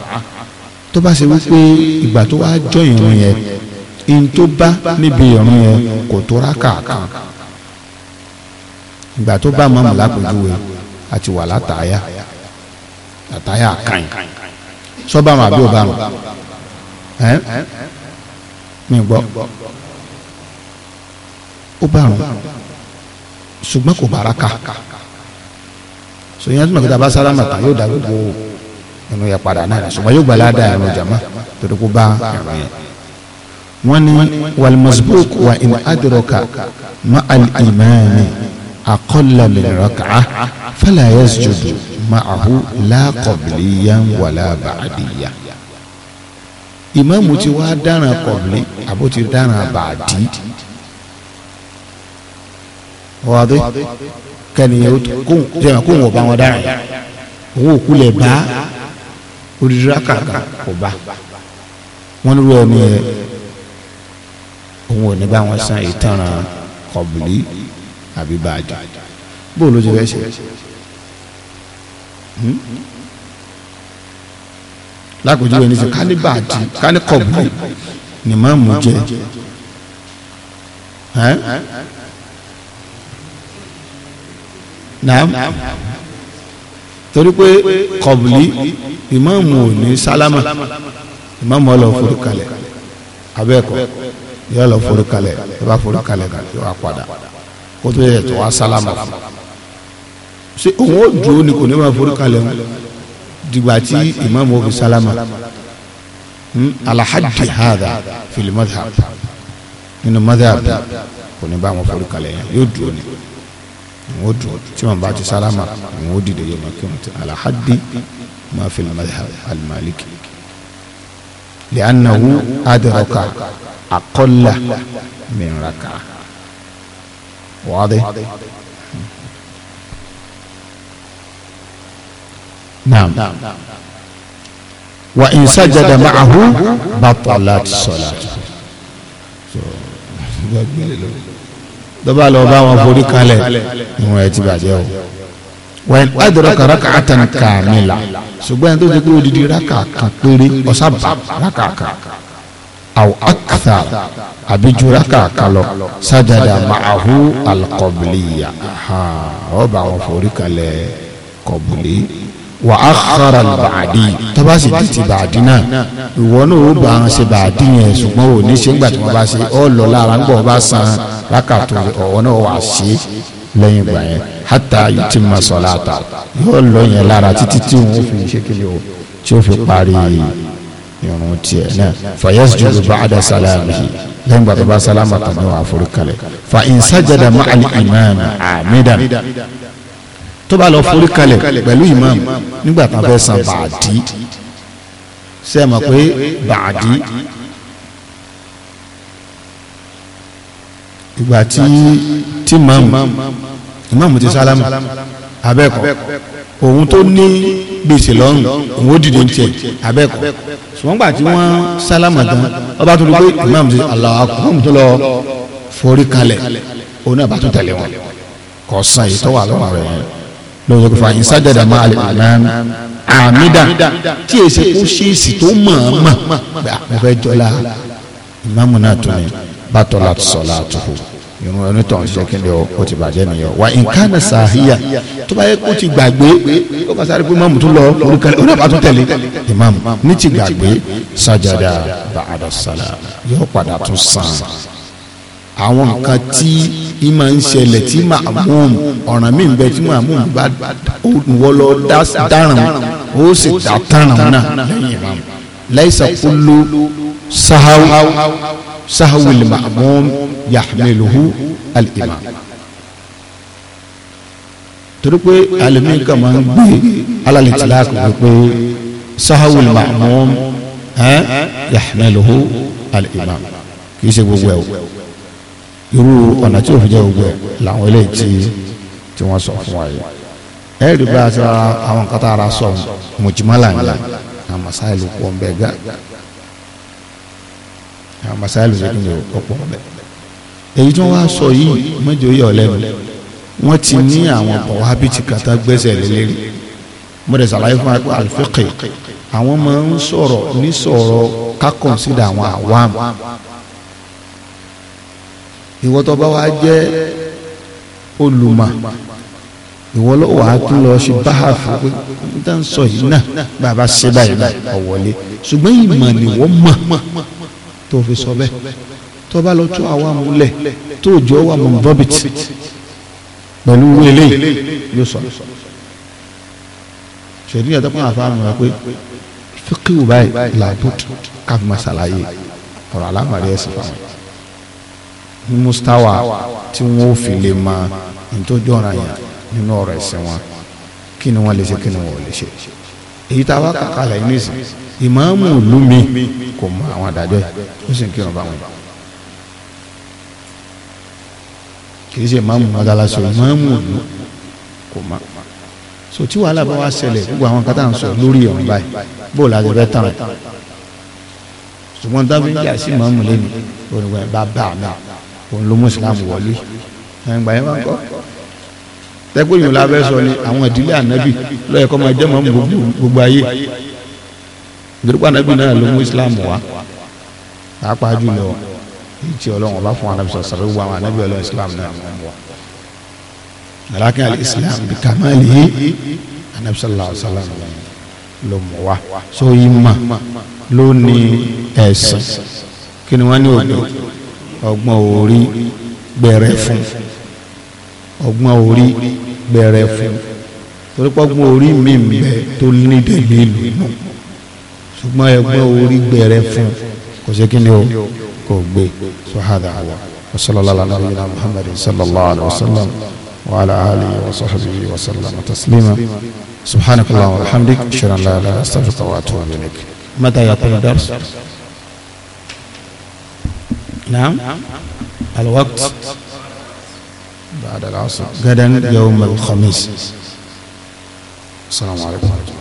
tó bá ṣe wípé ìgbà tó wá jọ ìrun yẹn in tó bá níbi ìrun yẹn kò tó rákà ìgbà tó bá mọ́mù lápèjúwe àti wà látàáyà àtàyà kan sọbàmù àbí ọbàmù ẹ mi gbọ́ ọbàmù ṣùgbọ́n kò baraka sòyìn àtúmọ̀ kìtà bá sálámà tán yóò dá gbogbo ẹnu yẹn padà náà ṣùgbọ́n yóò gbàlá dá ẹnu jàmá torí kó bá ẹnu yẹn. wọ́n ní walmasbuk wa in adraka ma al-imami aqalla min rak'ah fala yasjudu ma'ahu la qabliyan wala ba'diyan. ìmáàmù ti wá dáràn kọ̀bìlì àbó ti dáràn bàdí wàdí kẹ́niyàn kóhùn kóhùn ọba wọn dára òun ò kulẹ̀ bá olùdíra kàkà ọba wọn ní wọ́n ní ẹ òun ò ní bá wọn san ìtanràn kọ̀bùlì àbí bàjẹ́ bó ló ti fẹ́ ṣe hmm? lákòjú ẹni sọ kání bàjẹ́ kání kọ̀bùlì ni màmú jẹ ẹ́ naam torí pé kọ̀bùlì ìmáàmù ò ní sálámà ìmáàmù ọlọ́ forúkalẹ̀ abẹ́ẹ̀kọ́ yọ lọ forúkalẹ̀ ẹ bá forúkalẹ̀ náà yọ apàdà kó tó yẹ tó wá sálámà fún ṣé òun ó dúró ni kò ní máa forúkalẹ̀ wọn dìgbà tí ìmáàmù ò fi sálámà hmm? alahadi hada fil madhhab nínú madhhab kò ní bá wọn forúkalẹ̀ yẹn yóò dúró ni wọn dùn tí wọn bá ti sálámà wọn dìde yóò máa kírun tí alahadi máa fi madhhab alimaliki li'annahu adraka aqalla min raka wàdí. naam wa in sajada ma'ahu batalat salatu. So, lọ́ba lọ bá wọn forí kalẹ̀ ìwọ̀n ẹ̀ ti bàjẹ́ o wẹ́n adraka rak'atan kamila ṣùgbọ́n ẹni tó ti pé odidi rákà kan péré ọ̀sàbà rákà kan aw akthar àbí ju rákà kan lọ sajada ma'ahu al-qabliya ọba wọn forí kalẹ̀ kọ̀bùlì wà á xara bàdí tọ́ba sì ti ti bàdí náà ìwọ náà ó bá ń ṣe bàdí yẹn ṣùgbọ́n ò ní ṣe ń gbà tí wọ́n bá ṣe ọ lọ lára ń gbọ́ ọ bá san lákàtó ọ̀wọ́ náà wà ṣe lẹ́yìn ìgbà yẹn hátà yìí mọ̀ sọ̀lá ta yóò lọ yẹn lára títí tí wọ́n fi ṣe kí o tí ó fi parí irun tiẹ̀ náà fayas jùlọ bá àdá sálámì lẹ́yìn ìgbà tó bá sálámà tán ní wàá forí kalẹ̀ fa ìnsájàdà má àlì ìmáàmì àmídà tó bá lọ forí kalẹ̀ pẹ̀lú imam nígbà tá a fẹ́ san bàdí ṣe é mọ̀ pé bàdí ìgbà tí tí imam imam ti sálámù abẹ́kọ̀ òun tó ní gbèsè lọ́rùn òun ó dìde tiẹ̀ abẹ́kọ̀ ṣùgbọ́n gbà tí wọ́n sálámù gan ọba tó dúró pé imam ti Allahu akbar tó lọ forí kalẹ̀ òun náà bá tó tẹ̀lé wọn kò san èyí tó wà lọ́wọ́ rẹ̀ yẹn lọ́wọ́ kò fà yín sájàdà máa lè imam àmìdá tí èsì kó ṣèèsì tó mọ̀ọ́mọ̀ pé àwọn fẹ́ jọlá ìmáàmù náà tó ní bàtọ́ láti sọ láàtúkù ẹni tó ń ṣe kí ni o ti bàjẹ́ nìyẹn wa nǹkan náà sàáhíyà tó bá yẹ kó ti gbàgbé ó bá sáré pé máàmù tó lọ olùkàlẹ̀ ó náà bá tó tẹ̀lé ìmáàmù ní ti gbàgbé sájàdà ba'da yóò padà tún sàn àwọn nǹkan tí í máa ń ṣẹlẹ̀ tí màmúùm ọ̀ràn mi bẹ tí màmúùm bá wọ́ lọ dáràn ó sì dá tàràn náà lẹ́yìn ìmáàmù láìsà kúlú sahawu sahawu màmúùm yahmiluhu al-imam torí pé alẹ́mí kan máa ń gbé alálẹ̀ tí láàkù wípé sahawu màmúùm yahmiluhu al-imam kì í ṣe gbogbo ẹ̀ o irú ọ̀nà tí òfin jẹ́ gbogbo ẹ̀ làwọn eléyìí tí tí wọ́n sọ fún wa yìí ẹ rí bá a ti ra àwọn nǹkan tá a ra sọ mùjìmọ́là ń àwọn masáìlì pọ̀ ń bẹ gá àwọn masáìlì ṣe kí ni ó pọ̀ ń bẹ èyí tí wọ́n wá sọ yìí mẹ́jọ yọ̀ lẹ́nu wọ́n ti ní àwọn bọ̀wá bí ti gbẹ́sẹ̀ lélẹ́rì mo dẹ̀ sàlàyé fún wa àlùfẹ́kẹ̀ àwọn máa ń sọ̀rọ̀ ní sọ̀rọ̀ ká ìwọ tó bá wá jẹ́ olùmọ̀ ìwọ ló wà á tún lọ ṣe báhà fún pé n tán sọ yìí náà bàbá ṣe báyìí báyìí ọ̀wọ́lé ṣùgbọ́n ìmọ̀ ni wọ́n mọ̀ tó fi sọ bẹ́ẹ̀ tó bá lọ tó àwa múlẹ̀ tó jọ wà mọ̀ bọ́bìt pẹ̀lú eléyìí yóò sọ ṣèlú yàtọ̀ fún àfahàn rẹ pé fíkìwù báyìí làbùtù káfíńmá ṣàlàyé ọ̀rọ̀ alámàrí ẹ̀sìn fáwọn mustawa tí wọn ò fi lè ma ntọ́jú ọ̀ràn yẹn nínú ọ̀rọ̀ ẹ̀sìn wọn kí ni wọ́n lè ṣe kí ni wọ́n lè ṣe èyí tá a wá kàkà lẹ̀ ní ìsìn ìmáàmù ìlú mi kò mọ àwọn àdájọ́ yìí ó sì ń kírun báwọn yìí kì ṣe ìmáàmù mọ́gàlásọ ìmáàmù ìlú kò mọ so tí wàhálà bá wá ṣẹlẹ̀ gbogbo àwọn kátà ń sọ lórí ọ̀run báyìí bóòlù àjẹbẹ́ tán rẹ̀ ṣùgbọ́n dábìlì àti ìmáàmù lẹ́nu òrùn bá bá àná òun ló mú islam wọlé ẹgbà yẹn máa ń kọ́ tẹ́kùn yìí lábẹ́ sọ ni àwọn ìdílé ànábì lọ́yẹ̀ kọ́ máa jẹ́ mọ́ gbogbo ayé ìdúrógbà ànábì náà ló mú islam wá pàápàá jùlọ èyí tí ọlọ́run ọba fún ànábì sọ̀rọ̀ sọ̀rọ̀ wọ àwọn ànábì ọlọ́run islam náà mú wá alakin ali islam bi kamali ànábì sallallahu alaihi wasallam ló mú wá so yìí ma ló ẹ̀sìn kí ni wọ́n ní òde ọgbọ́n orí gbẹ̀rẹ̀ fún ọgbọ́n orí gbẹ̀rẹ̀ fún torí pọ́gbọ́n orí mi ń bẹ tó ní dẹ̀lí ìlú nù ṣùgbọ́n ẹgbọ́n orí gbẹ̀rẹ̀ fún kò sí kí ni o kò gbé sọ́hádà wà wasallallahu ala muhammad sallallahu alaihi wasallam wa ala alihi wa sahbihi wa sallam taslima subhanakallah wa alhamdik shirin la ilaha illa anta astaghfiruka wa atubu ilaik mata yaqulu dars نعم الوقت بعد العصر غدا يوم الخميس السلام عليكم ورحمه الله